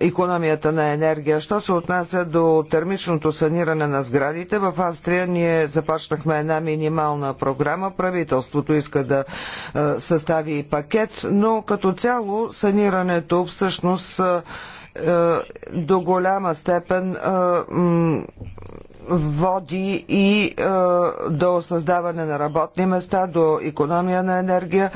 економията на енергия. Що се отнася до термичното саниране на сградите, в Австрия ние започнахме една минимална програма. Правителството иска да е, състави пакет, но като цяло санирането всъщност е, е, до голяма степен води и е, до създаване на работни места, до економия на енергия.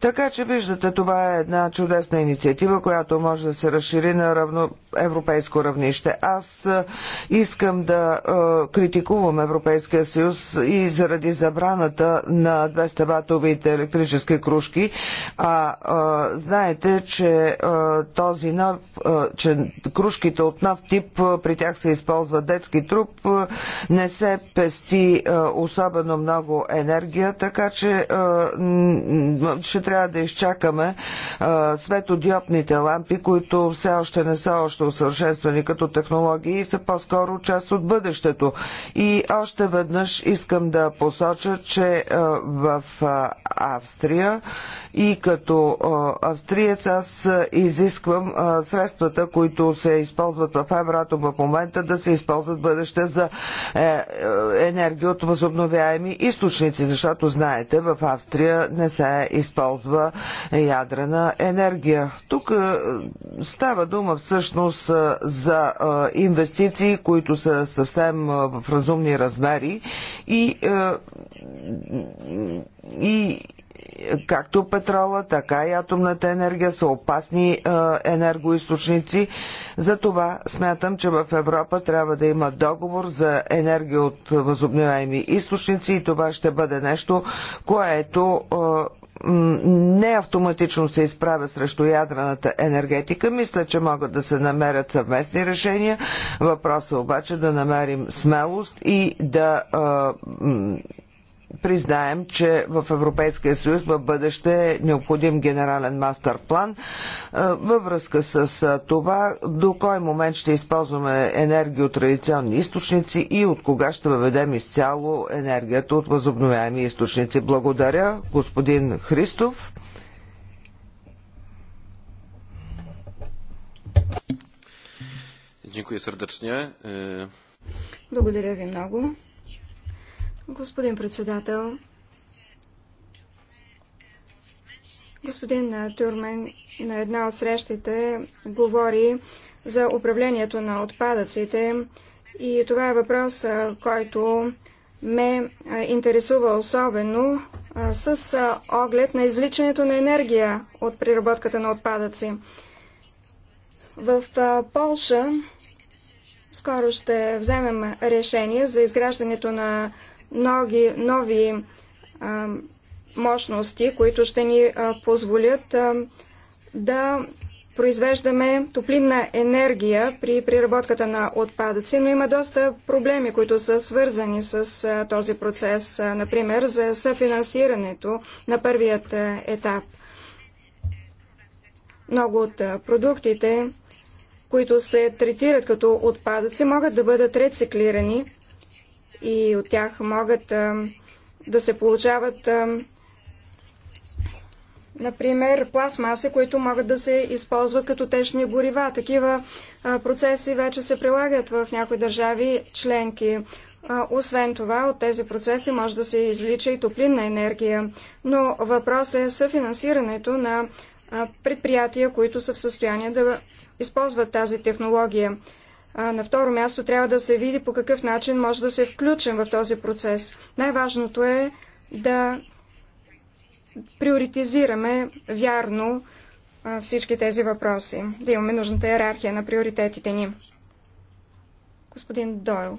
Така че виждате, това е една чудесна инициатива, която може да се разшири на равно европейско равнище. Аз е, искам да е, критикувам Европейския съюз и заради забраната на 200 ватовите електрически кружки. А, е, знаете, че този нов, че кружките от нов тип, при тях се използва детски труп, не се пести особено много енергия, така че ще трябва да изчакаме светодиопните лампи, които все още не са още са усъвършенствани като технологии и са по-скоро част от бъдещето. И още веднъж искам да посоча, че е, в е, Австрия и като е, австриец аз изисквам средствата, които се използват в Евратом в момента, да се използват бъдеще за енергия от възобновяеми източници, защото знаете, в Австрия не се използва ядрена енергия. Тук става дума всъщност възможност за инвестиции, които са съвсем в разумни размери и, и както петрола, така и атомната енергия са опасни енергоисточници. Затова смятам, че в Европа трябва да има договор за енергия от възобновяеми източници и това ще бъде нещо, което не автоматично се изправя срещу ядрената енергетика. Мисля, че могат да се намерят съвместни решения. Въпросът е обаче да намерим смелост и да признаем, че в Европейския съюз в бъдеще е необходим генерален мастер план. Е, във връзка с е, това, до кой момент ще използваме енергия от традиционни източници и от кога ще въведем изцяло енергията от възобновяеми източници. Благодаря, господин Христов. Благодаря ви много. Господин председател, господин Турмен на една от срещите говори за управлението на отпадъците и това е въпрос, който ме интересува особено с оглед на извличането на енергия от преработката на отпадъци. В Полша скоро ще вземем решение за изграждането на нови, нови а, мощности, които ще ни а, позволят а, да произвеждаме топлинна енергия при преработката на отпадъци, но има доста проблеми, които са свързани с а, този процес, а, например за съфинансирането на първият а, етап. Много от а, продуктите, които се третират като отпадъци, могат да бъдат рециклирани и от тях могат да се получават Например, пластмаси, които могат да се използват като течни горива. Такива процеси вече се прилагат в някои държави членки. Освен това, от тези процеси може да се излича и топлинна енергия. Но въпрос е съфинансирането на предприятия, които са в състояние да използват тази технология. А на второ място трябва да се види по какъв начин може да се включим в този процес. Най-важното е да приоритизираме вярно всички тези въпроси, да имаме нужната иерархия на приоритетите ни. Господин Дойл,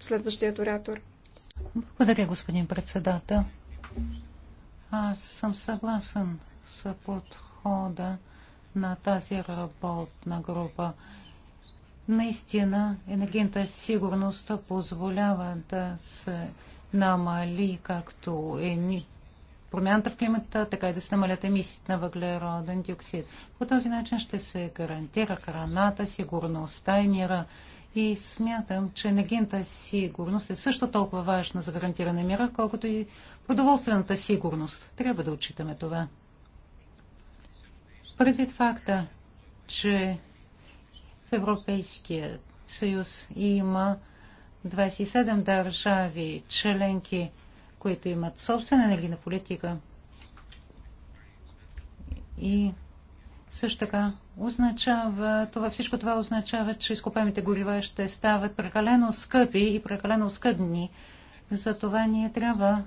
следващият оратор. Благодаря, господин председател. Аз съм съгласен с подхода на тази работна група. Наистина енергийната сигурност позволява да се намали както еми... промяната в климата, така и да се намалят емисиите на въглероден диоксид. По този начин ще се гарантира храната, сигурността и мира. И смятам, че енергийната сигурност е също толкова важна за гарантиране мира, колкото и продоволствената сигурност. Трябва да отчитаме това. Предвид факта, че в Европейския съюз има 27 държави членки, които имат собствена енергийна политика. И също така означава, това, всичко това означава, че изкопаемите горива ще стават прекалено скъпи и прекалено скъдни. Затова ние трябва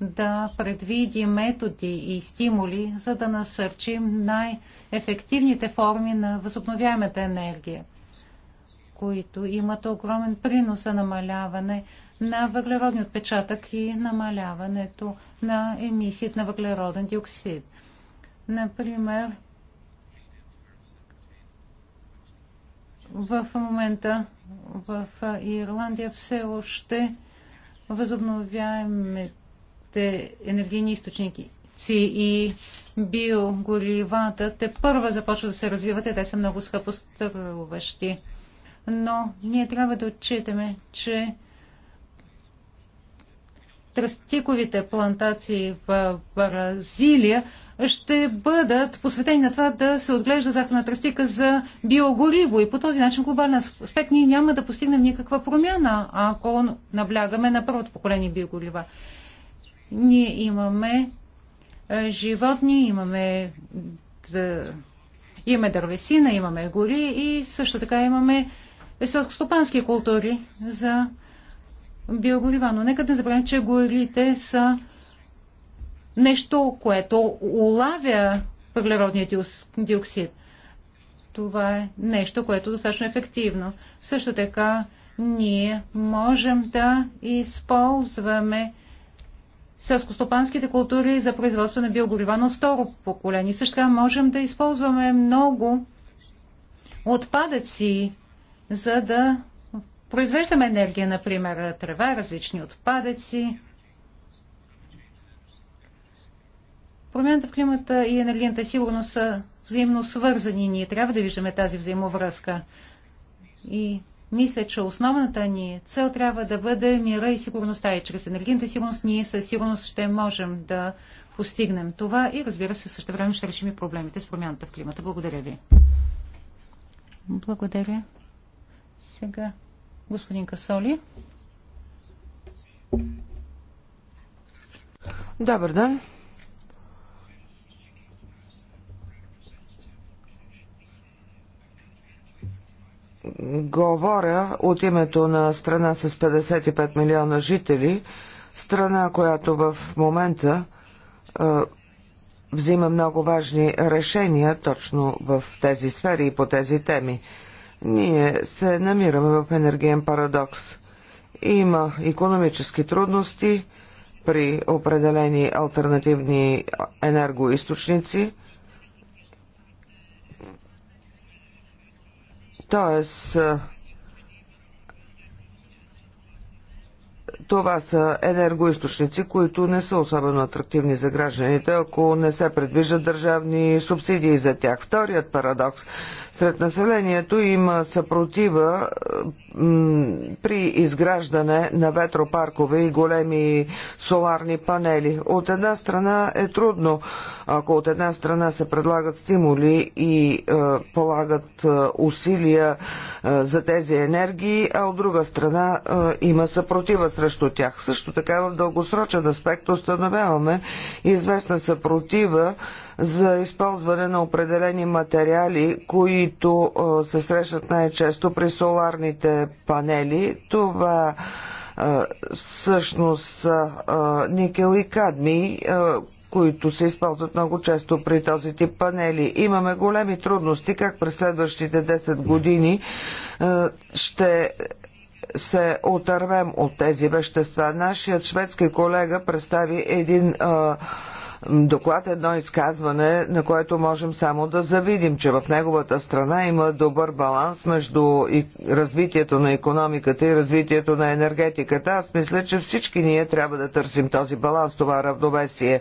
да предвиди методи и стимули, за да насърчим най-ефективните форми на възобновяемата енергия, които имат огромен принос за намаляване на въглеродния отпечатък и намаляването на емисиите на въглероден диоксид. Например, в момента в Ирландия все още възобновяемите чистите енергийни източници и биогоривата те първа започват да се развиват и те са много скъпоструващи. Но ние трябва да отчитаме, че тръстиковите плантации в Бразилия ще бъдат посветени на това да се отглежда захарна тръстика за биогориво и по този начин глобален аспект ние няма да постигнем никаква промяна, ако наблягаме на първото поколение биогорива. Ние имаме е, животни, имаме, имаме дървесина, имаме гори и също така имаме селскостопански култури за биогорива. Но нека да не забравим, че горите са нещо, което улавя въглеродния диоксид. Това е нещо, което е достатъчно ефективно. Също така ние можем да използваме селскостопанските култури за производство на биогорива на второ поколение. Също така можем да използваме много отпадъци, за да произвеждаме енергия, например, трева, различни отпадъци. Промената в климата и енергийната сигурност са взаимно свързани. Ние трябва да виждаме тази взаимовръзка. И мисля, че основната ни цел трябва да бъде мира и сигурността. И чрез енергийната сигурност ние със сигурност ще можем да постигнем това и разбира се, също време ще решим и проблемите с промяната в климата. Благодаря ви. Благодаря. Сега господин Касоли. Добър ден. говоря от името на страна с 55 милиона жители, страна, която в момента е, взима много важни решения точно в тези сфери и по тези теми. Ние се намираме в енергиен парадокс. Има економически трудности при определени альтернативни енергоисточници – Тоест, това са енергоисточници, които не са особено атрактивни за гражданите, ако не се предвиждат държавни субсидии за тях. Вторият парадокс. Сред населението има съпротива при изграждане на ветропаркове и големи соларни панели. От една страна е трудно, ако от една страна се предлагат стимули и е, полагат е, усилия е, за тези енергии, а от друга страна е, има съпротива срещу срещу тях. Също така в дългосрочен аспект установяваме известна съпротива за използване на определени материали, които се срещат най-често при соларните панели. Това всъщност никел и кадмий, които се използват много често при този тип панели. Имаме големи трудности как през следващите 10 години ще се отървем от тези вещества. Нашият шведски колега представи един а, доклад, едно изказване, на което можем само да завидим, че в неговата страна има добър баланс между развитието на економиката и развитието на енергетиката. Аз мисля, че всички ние трябва да търсим този баланс, това равновесие.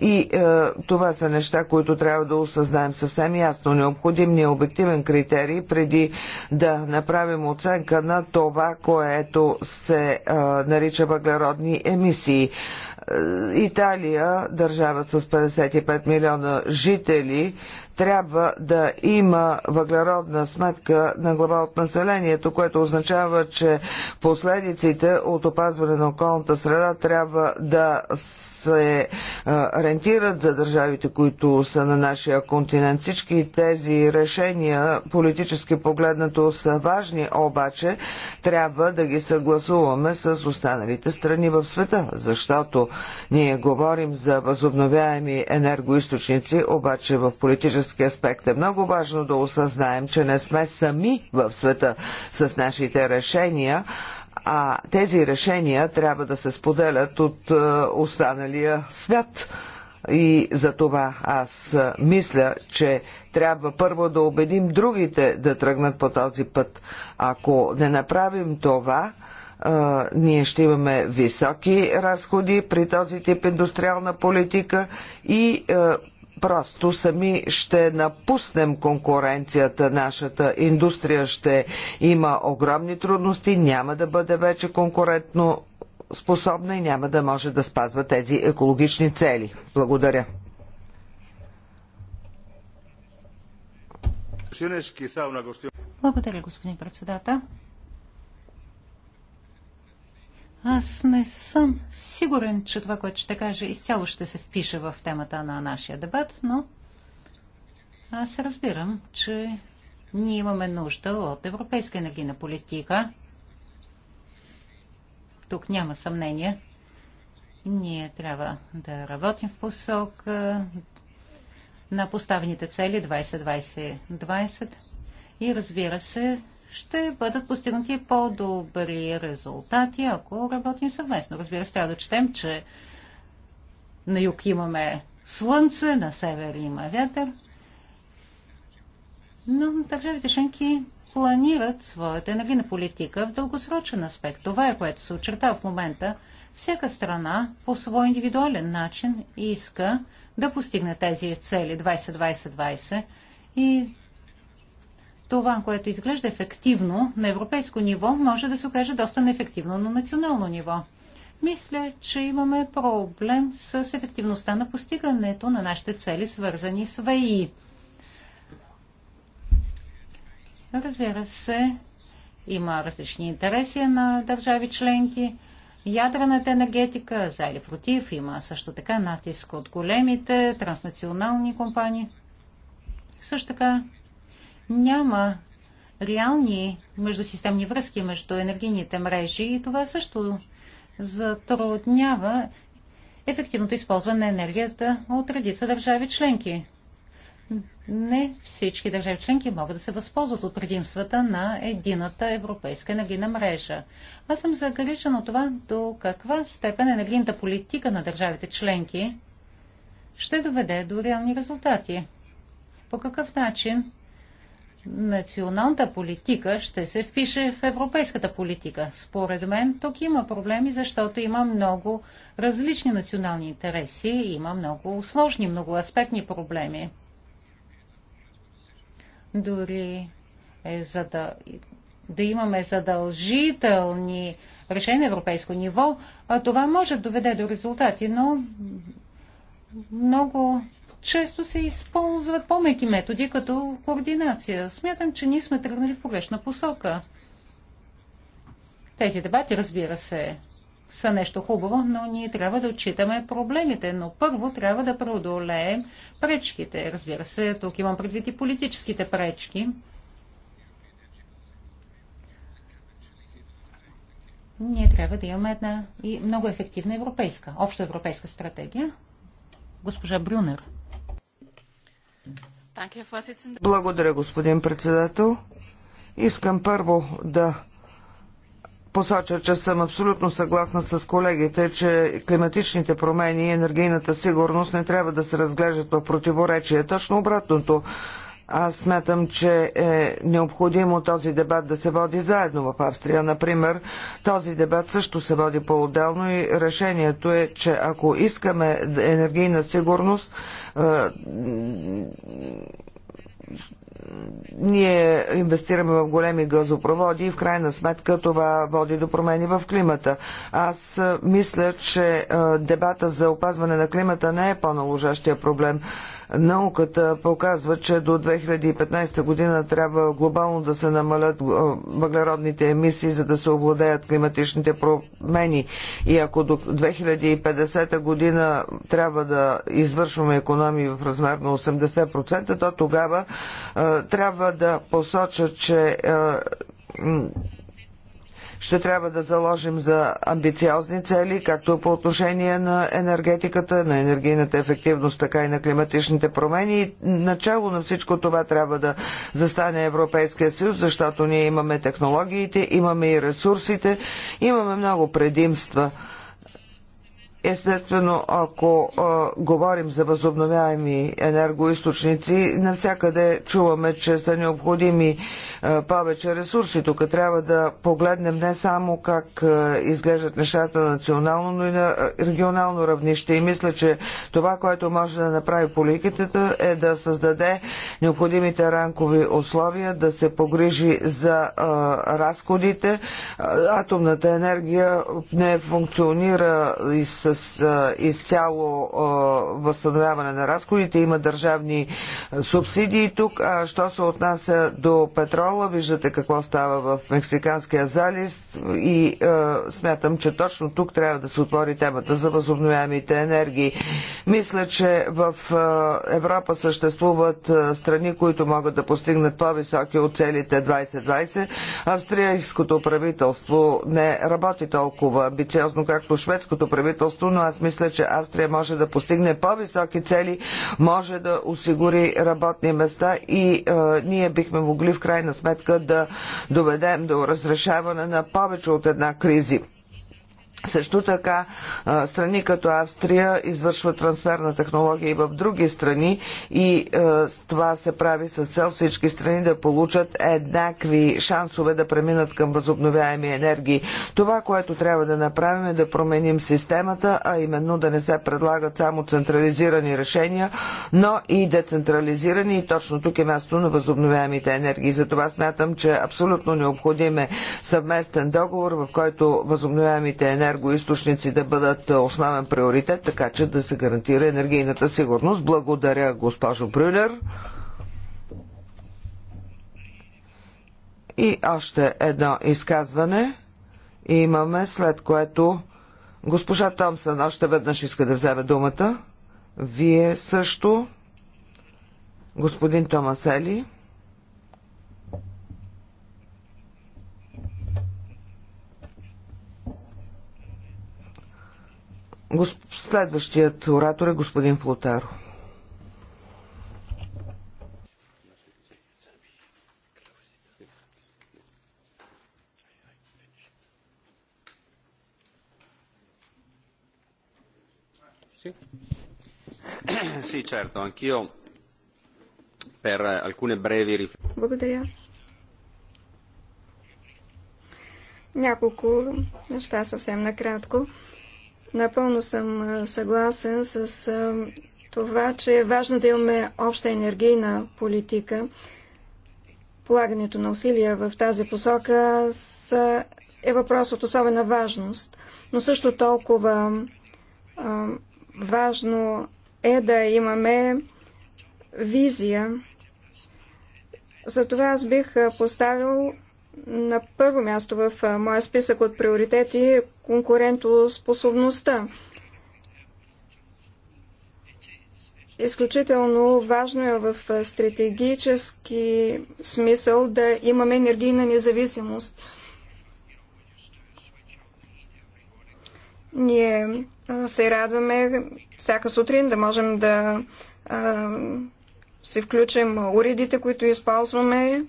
И е, това са неща, които трябва да осъзнаем съвсем ясно. Необходим ни е обективен критерий преди да направим оценка на това, което се е, нарича въглеродни емисии. Е, Италия, държава с 55 милиона жители, трябва да има въглеродна сметка на глава от населението, което означава, че последиците от опазване на околната среда трябва да се рентират за държавите, които са на нашия континент. Всички тези решения, политически погледнато, са важни, обаче трябва да ги съгласуваме с останалите страни в света, защото ние говорим за възобновяеми енергоисточници, обаче в политически политически аспект е много важно да осъзнаем, че не сме сами в света с нашите решения, а тези решения трябва да се споделят от е, останалия свят. И за това аз е, мисля, че трябва първо да убедим другите да тръгнат по този път. Ако не направим това, е, ние ще имаме високи разходи при този тип индустриална политика и просто сами ще напуснем конкуренцията. Нашата индустрия ще има огромни трудности, няма да бъде вече конкурентно способна и няма да може да спазва тези екологични цели. Благодаря. Благодаря, господин председател. Аз не съм сигурен, че това, което ще кажа, изцяло ще се впише в темата на нашия дебат, но аз разбирам, че ние имаме нужда от европейска енергийна политика. Тук няма съмнение. Ние трябва да работим в посок на поставените цели 20-20-20 и разбира се, ще бъдат постигнати по-добри резултати, ако работим съвместно. Разбира се, трябва да четем, че на юг имаме слънце, на север има вятър. Но държавите членки планират своята енергийна политика в дългосрочен аспект. Това е което се очертава в момента. Всяка страна по свой индивидуален начин иска да постигне тези цели 20-20-20 и това, което изглежда ефективно на европейско ниво, може да се окаже доста неефективно на национално ниво. Мисля, че имаме проблем с ефективността на постигането на нашите цели, свързани с ВИ. Разбира се, има различни интереси на държави членки. Ядрената енергетика, за или против, има също така натиск от големите транснационални компании. Също така няма реални междусистемни връзки между енергийните мрежи и това също затруднява ефективното използване на енергията от редица държави членки. Не всички държави членки могат да се възползват от предимствата на едината европейска енергийна мрежа. Аз съм загрижен от това до каква степен енергийната политика на държавите членки ще доведе до реални резултати. По какъв начин националната политика ще се впише в европейската политика. Според мен тук има проблеми, защото има много различни национални интереси, има много сложни, многоаспектни проблеми. Дори е за да, да имаме задължителни решения на европейско ниво, а това може да доведе до резултати, но много често се използват по-меки методи, като координация. Смятам, че ние сме тръгнали в погрешна посока. Тези дебати, разбира се, са нещо хубаво, но ние трябва да отчитаме проблемите. Но първо трябва да преодолеем пречките. Разбира се, тук имам предвид и политическите пречки. Ние трябва да имаме една и много ефективна европейска, общоевропейска стратегия. Госпожа Брюнер. Благодаря, господин председател. Искам първо да посоча, че съм абсолютно съгласна с колегите, че климатичните промени и енергийната сигурност не трябва да се разглеждат в противоречие. Точно обратното. Аз смятам, че е необходимо този дебат да се води заедно в Австрия. Например, този дебат също се води по-отделно и решението е, че ако искаме енергийна сигурност, е, ние инвестираме в големи газопроводи и в крайна сметка това води до промени в климата. Аз е, мисля, че е, дебата за опазване на климата не е по-наложащия проблем. Науката показва, че до 2015 година трябва глобално да се намалят въглеродните емисии, за да се овладеят климатичните промени. И ако до 2050 година трябва да извършваме економии в размер на 80%, то тогава трябва да посоча, че ще трябва да заложим за амбициозни цели, както по отношение на енергетиката, на енергийната ефективност, така и на климатичните промени. И начало на всичко това трябва да застане Европейския съюз, защото ние имаме технологиите, имаме и ресурсите, имаме много предимства. Естествено, ако а, говорим за възобновяеми енергоисточници, навсякъде чуваме, че са необходими а, повече ресурси. Тук трябва да погледнем не само как а, изглеждат нещата национално, но и на регионално равнище. И мисля, че това, което може да направи политиката е да създаде необходимите ранкови условия, да се погрижи за разходите. Атомната енергия не функционира и с с изцяло възстановяване на разходите. Има държавни субсидии тук. А що се отнася до петрола, виждате какво става в Мексиканския залез и смятам, че точно тук трябва да се отвори темата за възобновяемите енергии. Мисля, че в Европа съществуват страни, които могат да постигнат по-високи от целите 2020. Австрийското правителство не работи толкова амбициозно, както шведското правителство правителство, но аз мисля, че Австрия може да постигне по-високи цели, може да осигури работни места и е, ние бихме могли в крайна сметка да доведем до разрешаване на повече от една кризи. Също така страни като Австрия извършват трансфер на технологии в други страни и това се прави с цел всички страни да получат еднакви шансове да преминат към възобновяеми енергии. Това, което трябва да направим е да променим системата, а именно да не се предлагат само централизирани решения, но и децентрализирани и точно тук е място на възобновяемите енергии. Затова смятам, че абсолютно необходим е съвместен договор, в който възобновяемите енергии енергоисточници да бъдат основен приоритет, така че да се гарантира енергийната сигурност. Благодаря, госпожо Брюлер. И още едно изказване имаме, след което госпожа Томсън още веднъж иска да вземе думата. Вие също. Господин Томасели. Следващият оратор е господин Флотаро. Sì, certo, anch'io per alcune brevi riflessioni. Благодаря. Няколко неща съвсем накратко. Напълно съм съгласен с това, че е важно да имаме обща енергийна политика. Полагането на усилия в тази посока е въпрос от особена важност, но също толкова важно е да имаме визия. За това аз бих поставил на първо място в моя списък от приоритети е конкурентоспособността. Изключително важно е в стратегически смисъл да имаме енергийна независимост. Ние се радваме всяка сутрин да можем да се включим уредите, които използваме,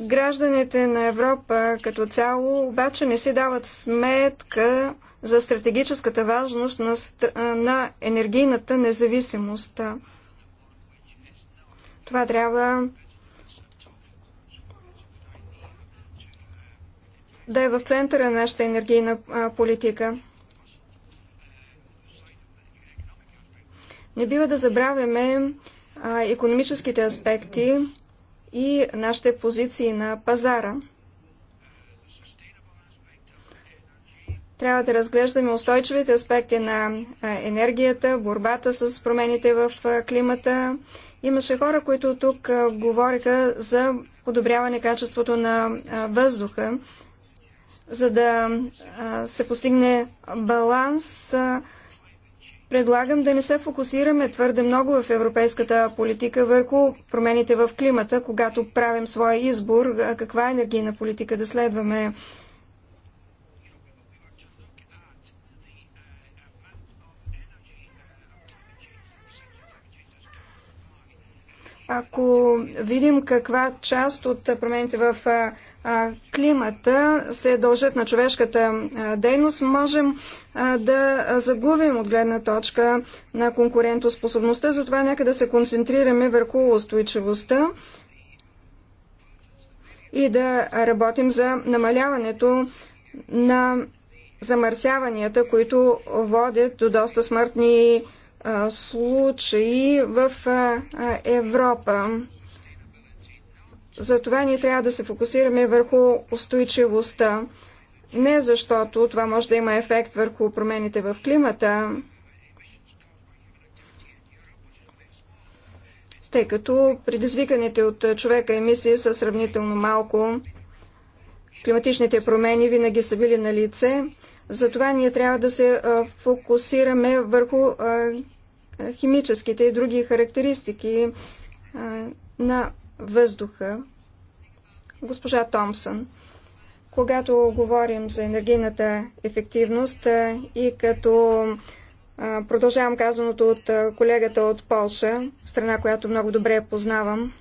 Гражданите на Европа като цяло обаче не си дават сметка за стратегическата важност на, на енергийната независимост. Това трябва да е в центъра на нашата енергийна политика. Не бива да забравяме а, економическите аспекти и нашите позиции на пазара. Трябва да разглеждаме устойчивите аспекти на енергията, борбата с промените в климата. Имаше хора, които тук говориха за подобряване качеството на въздуха, за да се постигне баланс Предлагам да не се фокусираме твърде много в европейската политика върху промените в климата, когато правим своя избор, каква енергийна политика да следваме Ако видим каква част от промените в климата се дължат на човешката дейност, можем да загубим от гледна точка на конкурентоспособността. Затова нека да се концентрираме върху устойчивостта и да работим за намаляването на замърсяванията, които водят до доста смъртни случаи в Европа. Затова ние трябва да се фокусираме върху устойчивостта. Не защото това може да има ефект върху промените в климата, тъй като предизвиканите от човека емисии са сравнително малко. Климатичните промени винаги са били на лице. Затова ние трябва да се фокусираме върху химическите и други характеристики на въздуха. Госпожа Томсън, когато говорим за енергийната ефективност и като продължавам казаното от колегата от Полша, страна, която много добре познавам,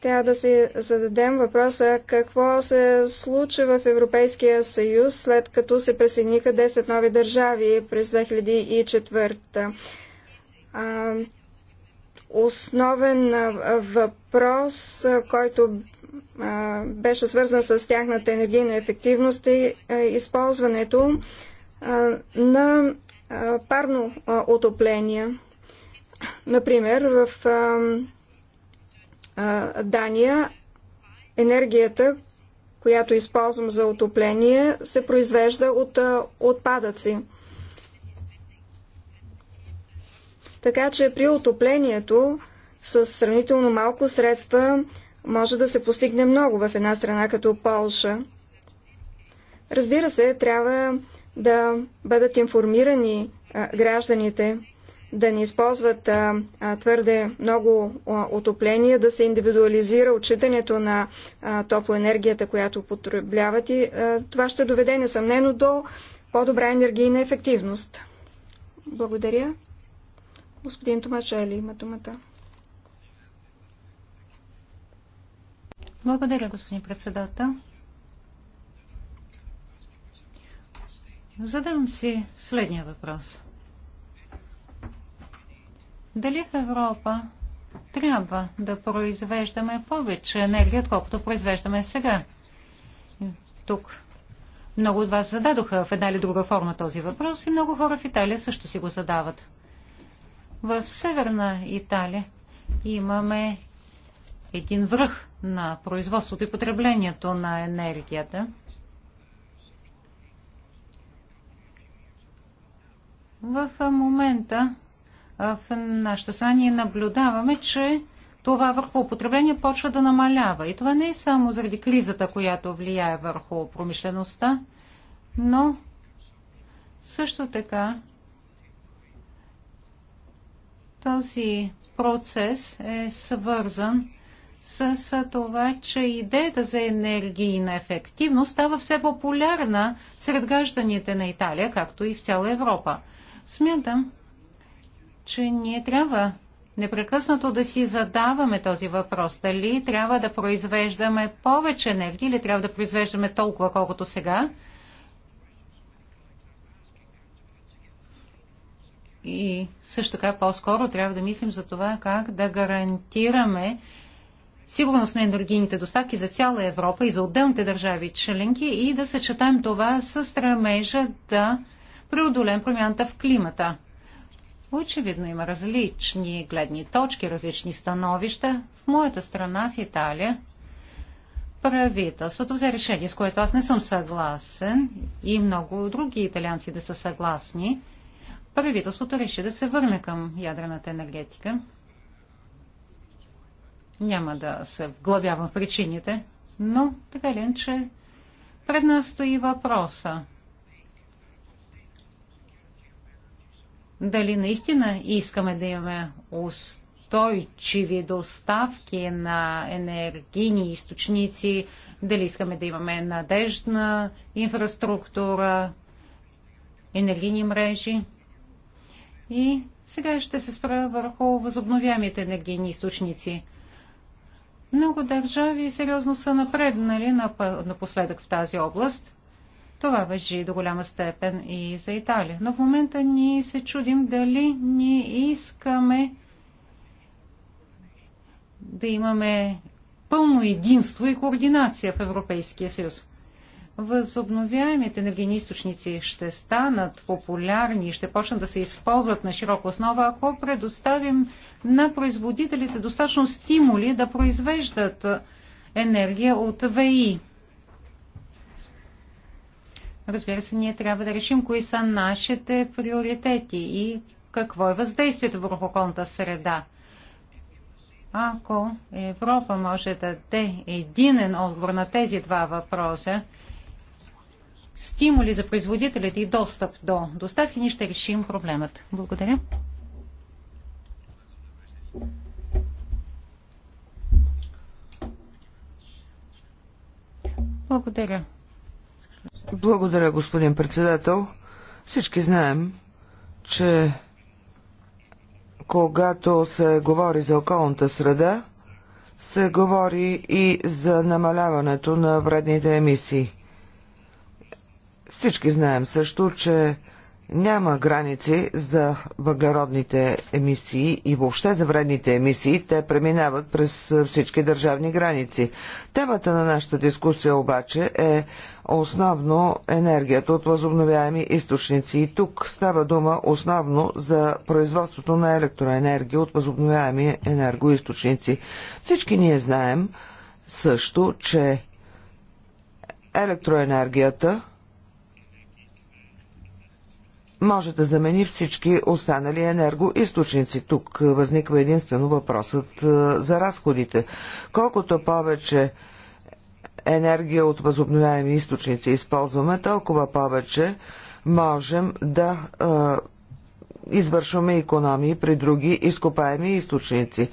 трябва да си зададем въпроса какво се случи в Европейския съюз след като се присъединиха 10 нови държави през 2004. А, основен въпрос, който а, беше свързан с тяхната енергийна ефективност и а, използването на парно отопление. Например, в Дания енергията, която използвам за отопление, се произвежда от отпадъци. Така че при отоплението с сравнително малко средства може да се постигне много в една страна като Полша. Разбира се, трябва да бъдат информирани гражданите да не използват а, а, твърде много а, отопление, да се индивидуализира отчитането на а, топлоенергията, която потребляват и а, това ще доведе несъмнено до по-добра енергийна ефективност. Благодаря. Господин Томачели има думата. Благодаря, господин председател. Задавам си следния въпрос. Дали в Европа трябва да произвеждаме повече енергия, отколкото произвеждаме сега? Тук много от вас зададоха в една или друга форма този въпрос и много хора в Италия също си го задават. В северна Италия имаме един връх на производството и потреблението на енергията. В момента в нашата страна ние наблюдаваме, че това върху потребление почва да намалява. И това не е само заради кризата, която влияе върху промишлеността, но също така този процес е свързан с, с това, че идеята за енергийна ефективност става все популярна сред гражданите на Италия, както и в цяла Европа. Смятам, че ние трябва непрекъснато да си задаваме този въпрос. Дали трябва да произвеждаме повече енергия или трябва да произвеждаме толкова, колкото сега? И също така по-скоро трябва да мислим за това как да гарантираме сигурност на енергийните доставки за цяла Европа и за отделните държави членки и да съчетаем това с стремежа да преодолем промяната в климата. Очевидно има различни гледни точки, различни становища. В моята страна, в Италия, правителството взе решение, с което аз не съм съгласен и много други италианци да са съгласни. Правителството реши да се върне към ядрената енергетика. Няма да се вглъбявам в причините, но така ли, че пред нас стои въпроса дали наистина искаме да имаме устойчиви доставки на енергийни източници, дали искаме да имаме надежна инфраструктура, енергийни мрежи. И сега ще се спра върху възобновяемите енергийни източници. Много държави сериозно са напреднали напоследък в тази област – това въжи до голяма степен и за Италия. Но в момента ние се чудим дали ние искаме да имаме пълно единство и координация в Европейския съюз. Възобновяемите енергийни източници ще станат популярни и ще почнат да се използват на широка основа, ако предоставим на производителите достатъчно стимули да произвеждат енергия от ВИ разбира се, ние трябва да решим кои са нашите приоритети и какво е въздействието върху околната среда. Ако Европа може да даде единен отговор на тези два въпроса, стимули за производителите и достъп до доставки, ние ще решим проблемът. Благодаря. Благодаря, благодаря, господин председател. Всички знаем, че когато се говори за околната среда, се говори и за намаляването на вредните емисии. Всички знаем също, че няма граници за въглеродните емисии и въобще за вредните емисии. Те преминават през всички държавни граници. Темата на нашата дискусия обаче е основно енергията от възобновяеми източници. И тук става дума основно за производството на електроенергия от възобновяеми енергоисточници. Всички ние знаем също, че електроенергията може да замени всички останали енергоисточници. Тук възниква единствено въпросът е, за разходите. Колкото повече енергия от възобновяеми източници използваме, толкова повече можем да е, извършваме економии при други изкопаеми източници.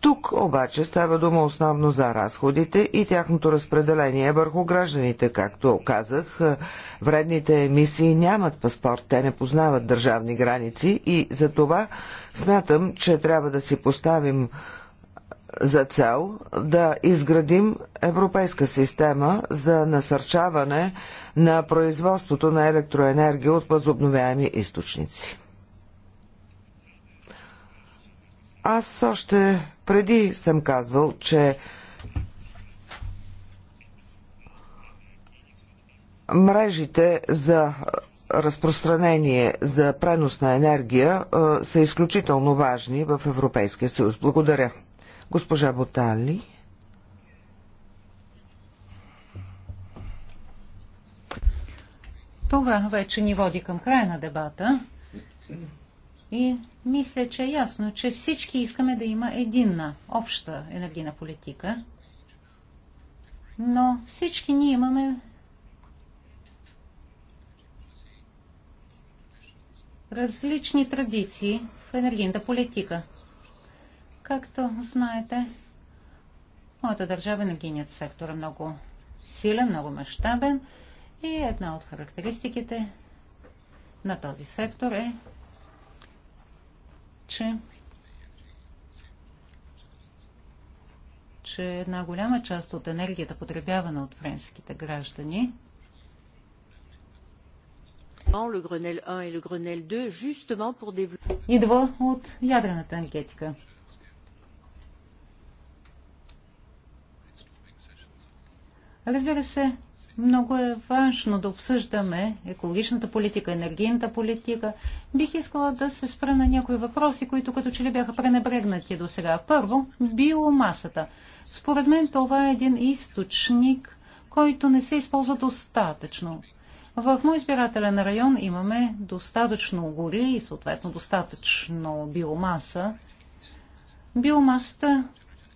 Тук обаче става дума основно за разходите и тяхното разпределение върху гражданите. Както казах, е, вредните емисии нямат паспорт, те не познават държавни граници и за това смятам, че трябва да си поставим е, за цел да изградим европейска система за насърчаване на производството на електроенергия от възобновяеми източници. Аз още преди съм казвал, че мрежите за разпространение за пренос на енергия са изключително важни в Европейския съюз. Благодаря. Госпожа Ботали. Това вече ни води към края на дебата и мисля, че е ясно, че всички искаме да има единна, обща енергийна политика, но всички ние имаме различни традиции в енергийната политика. Както знаете, моята държава енергийният сектор е много силен, много мащабен и една от характеристиките на този сектор е че, че една голяма част от енергията, потребявана от френските граждани, идва от ядрената енергетика. Разбира се, много е важно да обсъждаме екологичната политика, енергийната политика. Бих искала да се спра на някои въпроси, които като че ли бяха пренебрегнати до сега. Първо, биомасата. Според мен това е един източник, който не се използва достатъчно. В мой избирателен район имаме достатъчно гори и съответно достатъчно биомаса. Биомасата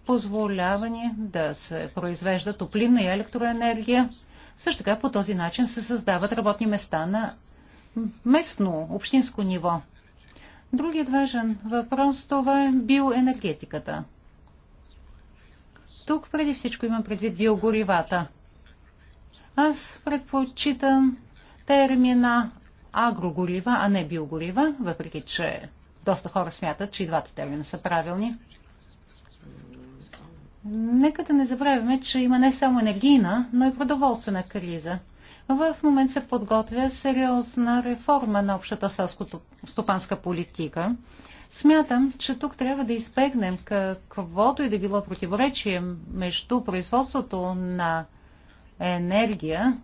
позволява ни да се произвежда топлинна и електроенергия също така по този начин се създават работни места на местно, общинско ниво. Другият важен въпрос това е биоенергетиката. Тук преди всичко имам предвид биогоривата. Аз предпочитам термина агрогорива, а не биогорива, въпреки че доста хора смятат, че и двата термина са правилни. Нека да не забравяме, че има не само енергийна, но и продоволствена криза. В момент се подготвя сериозна реформа на общата селско-стопанска политика. Смятам, че тук трябва да избегнем каквото и да било противоречие между производството на енергия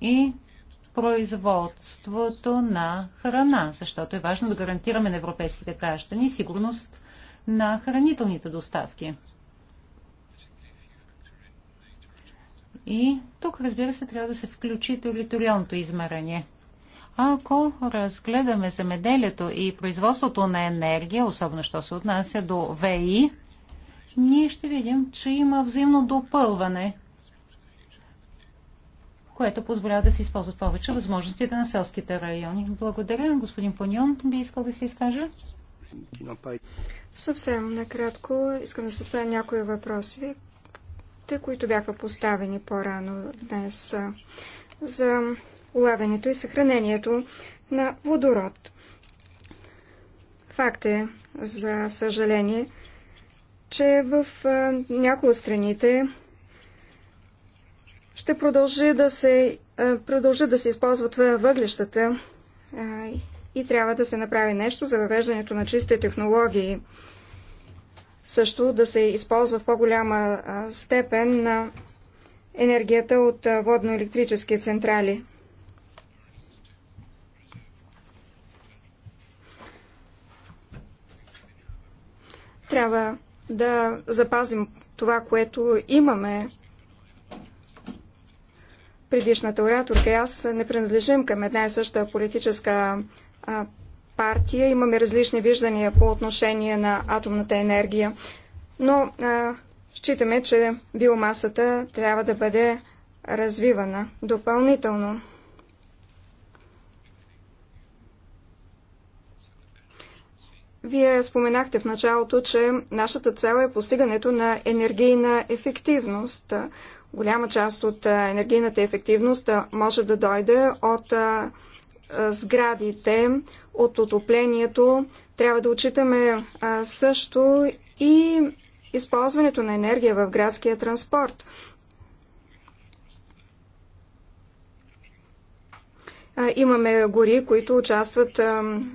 и производството на храна, защото е важно да гарантираме на европейските граждани сигурност на хранителните доставки. И тук, разбира се, трябва да се включи териториалното измерение. Ако разгледаме земеделието и производството на енергия, особено що се отнася до ВИ, ние ще видим, че има взаимно допълване, което позволява да се използват повече възможностите на селските райони. Благодаря. Господин Паньон, би искал да се изкаже. Съвсем накратко искам да съставя някои въпроси, те, които бяха поставени по-рано днес за улавянето и съхранението на водород. Факт е, за съжаление, че в някои от страните ще продължи да се, продължи да се използват въглищата и трябва да се направи нещо за въвеждането на чисти технологии. Също да се използва в по-голяма степен на енергията от водно-електрически централи. Трябва да запазим това, което имаме. Предишната ораторка и аз не принадлежим към една и съща политическа партия имаме различни виждания по отношение на атомната енергия, но считаме, че биомасата трябва да бъде развивана допълнително. Вие споменахте в началото, че нашата цел е постигането на енергийна ефективност. Голяма част от енергийната ефективност може да дойде от сградите от отоплението. Трябва да отчитаме също и използването на енергия в градския транспорт. Имаме гори, които участват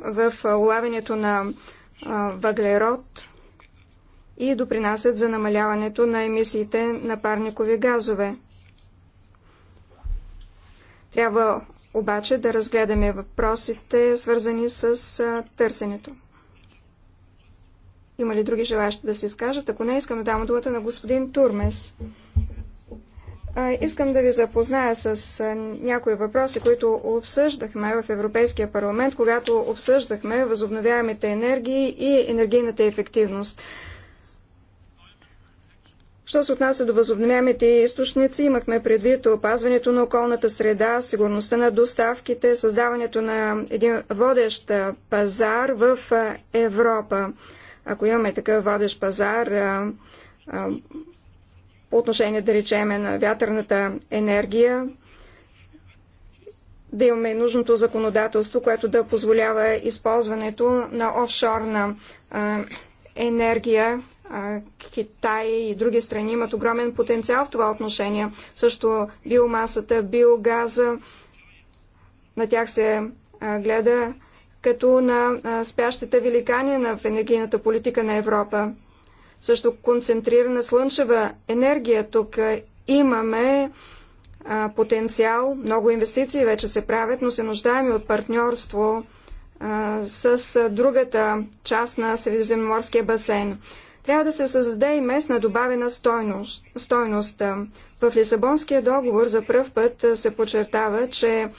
в улавянето на въглерод и допринасят за намаляването на емисиите на парникови газове. Трябва обаче да разгледаме въпросите, свързани с търсенето. Има ли други желащи да се изкажат? Ако не, искам да дам думата на господин Турмес. Искам да ви запозная с някои въпроси, които обсъждахме в Европейския парламент, когато обсъждахме възобновяемите енергии и енергийната ефективност. Що се отнася до възобновяемите източници, имахме предвид опазването на околната среда, сигурността на доставките, създаването на един водещ пазар в Европа. Ако имаме такъв водещ пазар по отношение, да речеме, на вятърната енергия, да имаме нужното законодателство, което да позволява използването на офшорна енергия Китай и други страни имат огромен потенциал в това отношение. Също биомасата, биогаза, на тях се гледа като на спящите великани на енергийната политика на Европа. Също концентрирана слънчева енергия тук имаме потенциал, много инвестиции вече се правят, но се нуждаем от партньорство с другата част на Средиземноморския басейн. Трябва да се създаде и местна добавена стойност. стойност. В Лисабонския договор за пръв път се подчертава, че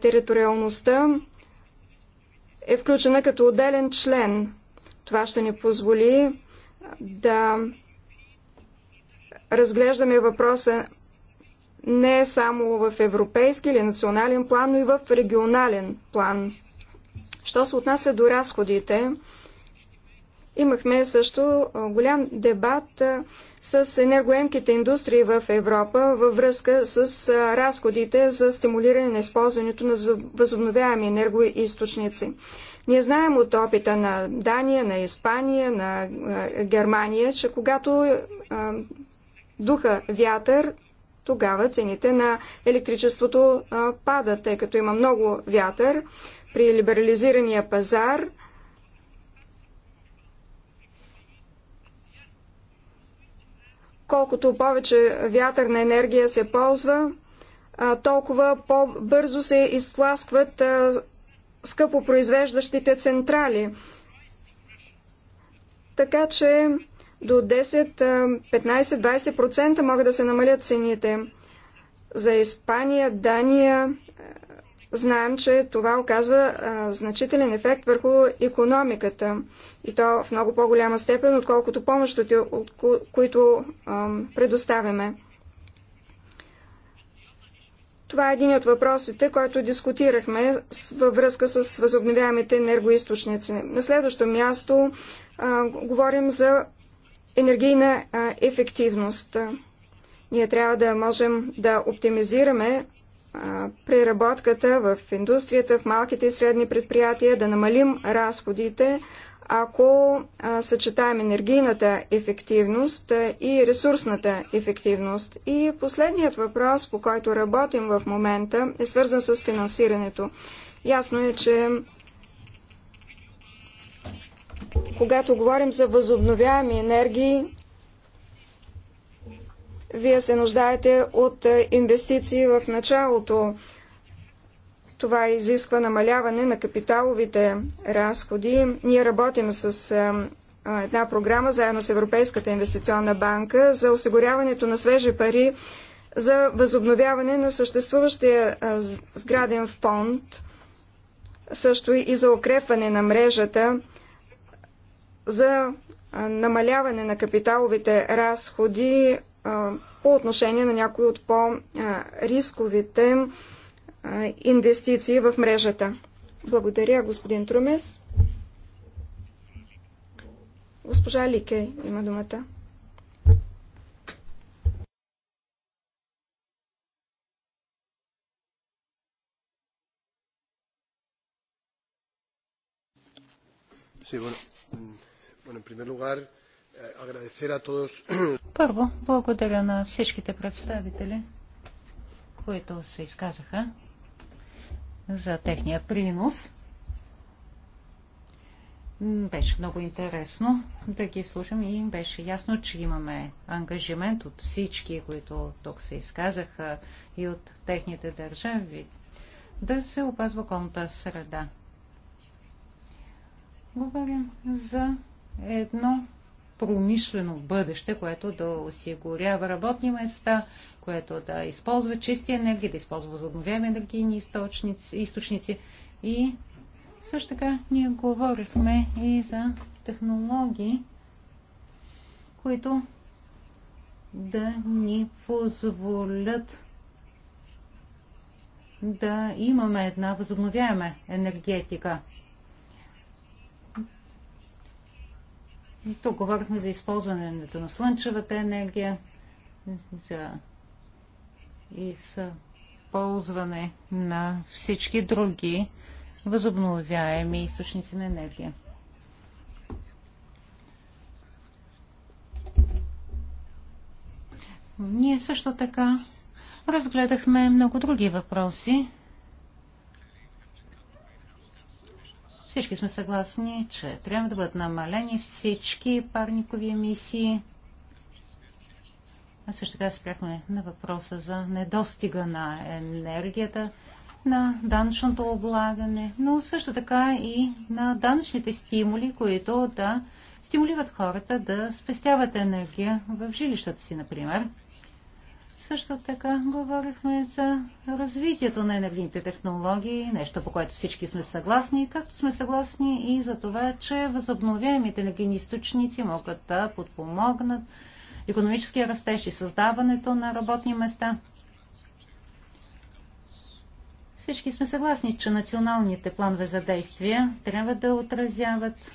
териториалността е включена като отделен член. Това ще ни позволи да разглеждаме въпроса не само в европейски или национален план, но и в регионален план. Що се отнася до разходите, Имахме също голям дебат с енергоемките индустрии в Европа във връзка с разходите за стимулиране на използването на възобновяеми енергоисточници. Ние знаем от опита на Дания, на Испания, на Германия, че когато духа вятър, тогава цените на електричеството падат, тъй като има много вятър. При либерализирания пазар – Колкото повече вятърна енергия се ползва, толкова по-бързо се изтласкват скъпо произвеждащите централи. Така че до 10, 15, 20% могат да се намалят цените. За Испания, Дания, Знаем, че това оказва а, значителен ефект върху економиката и то в много по-голяма степен, отколкото помощите, от ко които а, предоставяме. Това е един от въпросите, който дискутирахме във връзка с възобновяемите енергоисточници. На следващо място а, говорим за енергийна а, ефективност. Ние трябва да можем да оптимизираме преработката в индустрията, в малките и средни предприятия, да намалим разходите, ако съчетаем енергийната ефективност и ресурсната ефективност. И последният въпрос, по който работим в момента, е свързан с финансирането. Ясно е, че когато говорим за възобновяеми енергии, вие се нуждаете от е, инвестиции в началото. Това изисква намаляване на капиталовите разходи. Ние работим с е, е, една програма заедно с Европейската инвестиционна банка за осигуряването на свежи пари за възобновяване на съществуващия сграден фонд, също и за укрепване на мрежата, за намаляване на капиталовите разходи по отношение на някои от по-рисковите инвестиции в мрежата. Благодаря, господин Трумес. Госпожа Лике има думата. Сигурно. Mm, bueno, en primer lugar, първо, благодаря на всичките представители, които се изказаха за техния принос. Беше много интересно да ги слушам и им беше ясно, че имаме ангажимент от всички, които тук се изказаха и от техните държави, да се опазва околната среда. Говорим за едно промишлено бъдеще, което да осигурява работни места, което да използва чисти енергии, да използва възобновяеми енергийни източници, източници. И също така ние говорихме и за технологии, които да ни позволят да имаме една възобновяема енергетика – Тук говорихме за използването на слънчевата енергия, за използване на всички други възобновяеми източници на енергия. Ние също така разгледахме много други въпроси, Всички сме съгласни, че трябва да бъдат намалени всички парникови емисии. А също така спряхме на въпроса за недостига на енергията, на данъчното облагане, но също така и на данъчните стимули, които да стимулират хората да спестяват енергия в жилищата си, например. Също така говорихме за развитието на енергийните технологии, нещо по което всички сме съгласни, както сме съгласни и за това, че възобновяемите енергийни източници могат да подпомогнат економическия растеж и създаването на работни места. Всички сме съгласни, че националните планове за действия трябва да отразяват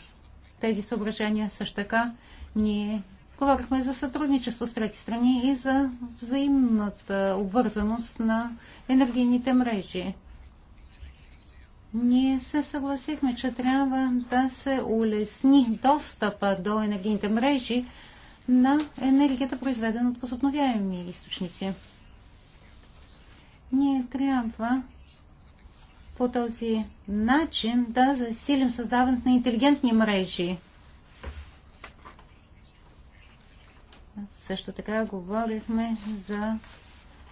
тези съображения. Също така ние Говорихме за сътрудничество с трети страни и за взаимната обвързаност на енергийните мрежи. Ние се съгласихме, че трябва да се улесни достъпа до енергийните мрежи на енергията, произведена от възобновяеми източници. Ние трябва по този начин да засилим създаването на интелигентни мрежи Също така говорихме за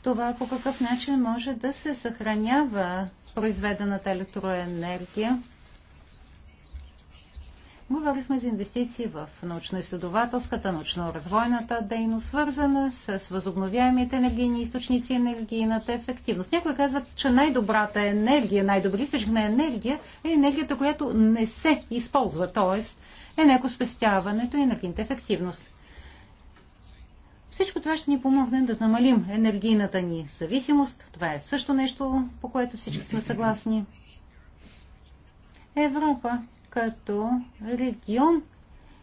това по какъв начин може да се съхранява произведената електроенергия. Говорихме за инвестиции в научно-изследователската, научно-развойната дейност, свързана с възобновяемите енергийни източници и енергийната ефективност. Някои казват, че най-добрата енергия, най-добри източник на енергия е енергията, която не се използва, т.е. е спестяването и енергийната ефективност. Всичко това ще ни помогне да намалим енергийната ни зависимост. Това е също нещо, по което всички сме съгласни. Европа като регион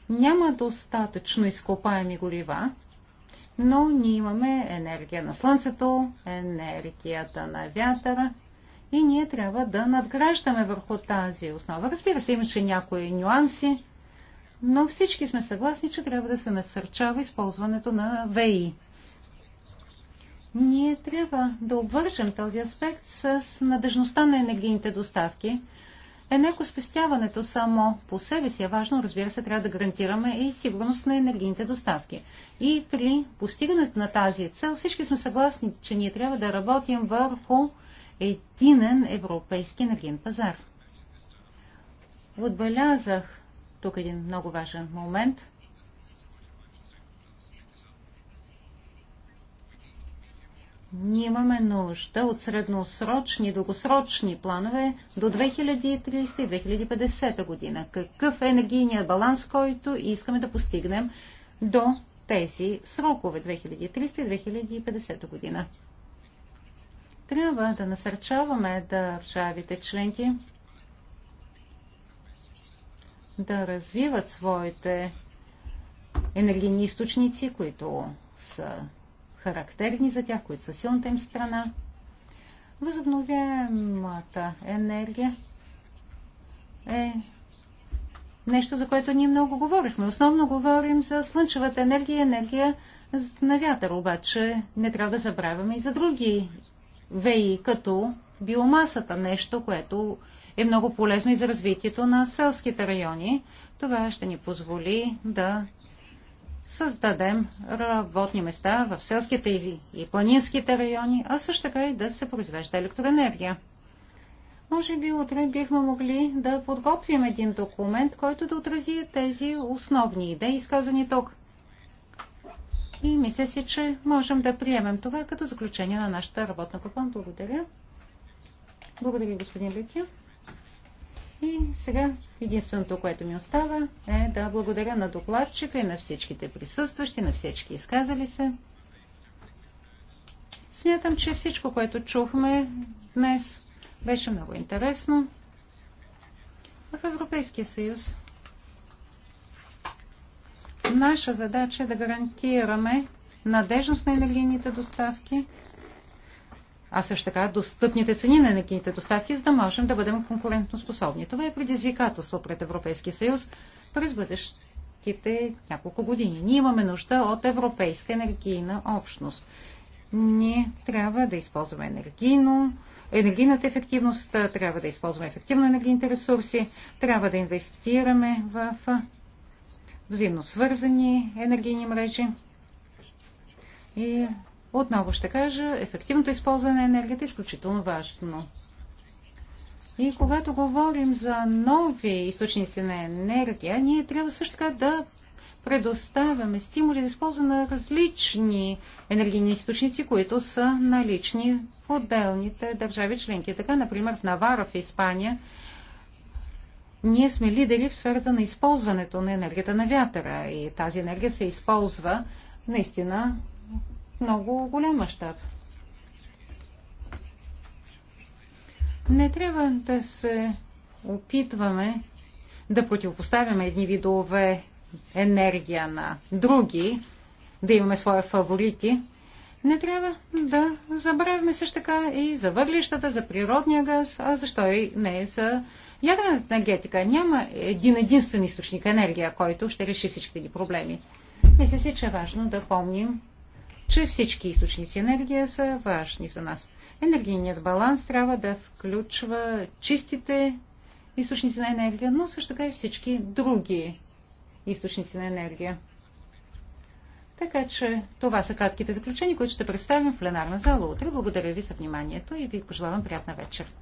няма достатъчно изкопаеми горива, но ние имаме енергия на слънцето, енергията на вятъра и ние трябва да надграждаме върху тази основа. Разбира се, имаше някои нюанси, но всички сме съгласни, че трябва да се насърчава използването на ВИ. Ние трябва да обвържем този аспект с надежността на енергийните доставки. спестяването само по себе си е важно, разбира се, трябва да гарантираме и сигурност на енергийните доставки. И при постигането на тази цел всички сме съгласни, че ние трябва да работим върху единен европейски енергиен пазар. Отбелязах тук е един много важен момент. Ние имаме нужда от средносрочни и дългосрочни планове до 2030-2050 година. Какъв е енергийният баланс, който искаме да постигнем до тези срокове 2030-2050 година? Трябва да насърчаваме държавите членки да развиват своите енергийни източници, които са характерни за тях, които са силната им страна. Възобновяемата енергия е нещо, за което ние много говорихме. Основно говорим за слънчевата енергия и енергия на вятър, обаче не трябва да забравяме и за други веи, като биомасата, нещо, което е много полезно и за развитието на селските райони. Това ще ни позволи да създадем работни места в селските и планинските райони, а също така и да се произвежда електроенергия. Може би утре бихме могли да подготвим един документ, който да отрази тези основни идеи, изказани тук. И мисля си, че можем да приемем това като заключение на нашата работна група. Благодаря. Благодаря, господин Люкия. И сега единственото, което ми остава е да благодаря на докладчика и на всичките присъстващи, на всички изказали се. Смятам, че всичко, което чухме днес, беше много интересно. В Европейския съюз наша задача е да гарантираме надежност на енергийните доставки, а също така достъпните цени на енергийните доставки, за да можем да бъдем конкурентоспособни. Това е предизвикателство пред Европейския съюз през бъдещите няколко години. Ние имаме нужда от Европейска енергийна общност. Ние трябва да използваме енергийно, енергийната ефективност, трябва да използваме ефективно енергийните ресурси, трябва да инвестираме в взаимно свързани енергийни мрежи. И отново ще кажа, ефективното използване на енергията е изключително важно. И когато говорим за нови източници на енергия, ние трябва също така да предоставяме стимули за използване на различни енергийни източници, които са налични в отделните държави членки. Така, например, в Навара, в Испания, ние сме лидери в сферата на използването на енергията на вятъра и тази енергия се използва наистина много голям мащаб. Не трябва да се опитваме да противопоставяме едни видове енергия на други, да имаме свои фаворити. Не трябва да забравяме също така и за въглищата, за природния газ, а защо и не за ядрената енергетика. Няма един единствен източник енергия, който ще реши всичките ни проблеми. Мисля си, че е важно да помним че всички източници енергия са важни за нас. Енергийният баланс трябва да включва чистите източници на енергия, но също така и всички други източници на енергия. Така че това са кратките заключения, които ще представим в пленарна зала утре. Благодаря ви за вниманието и ви пожелавам приятна вечер.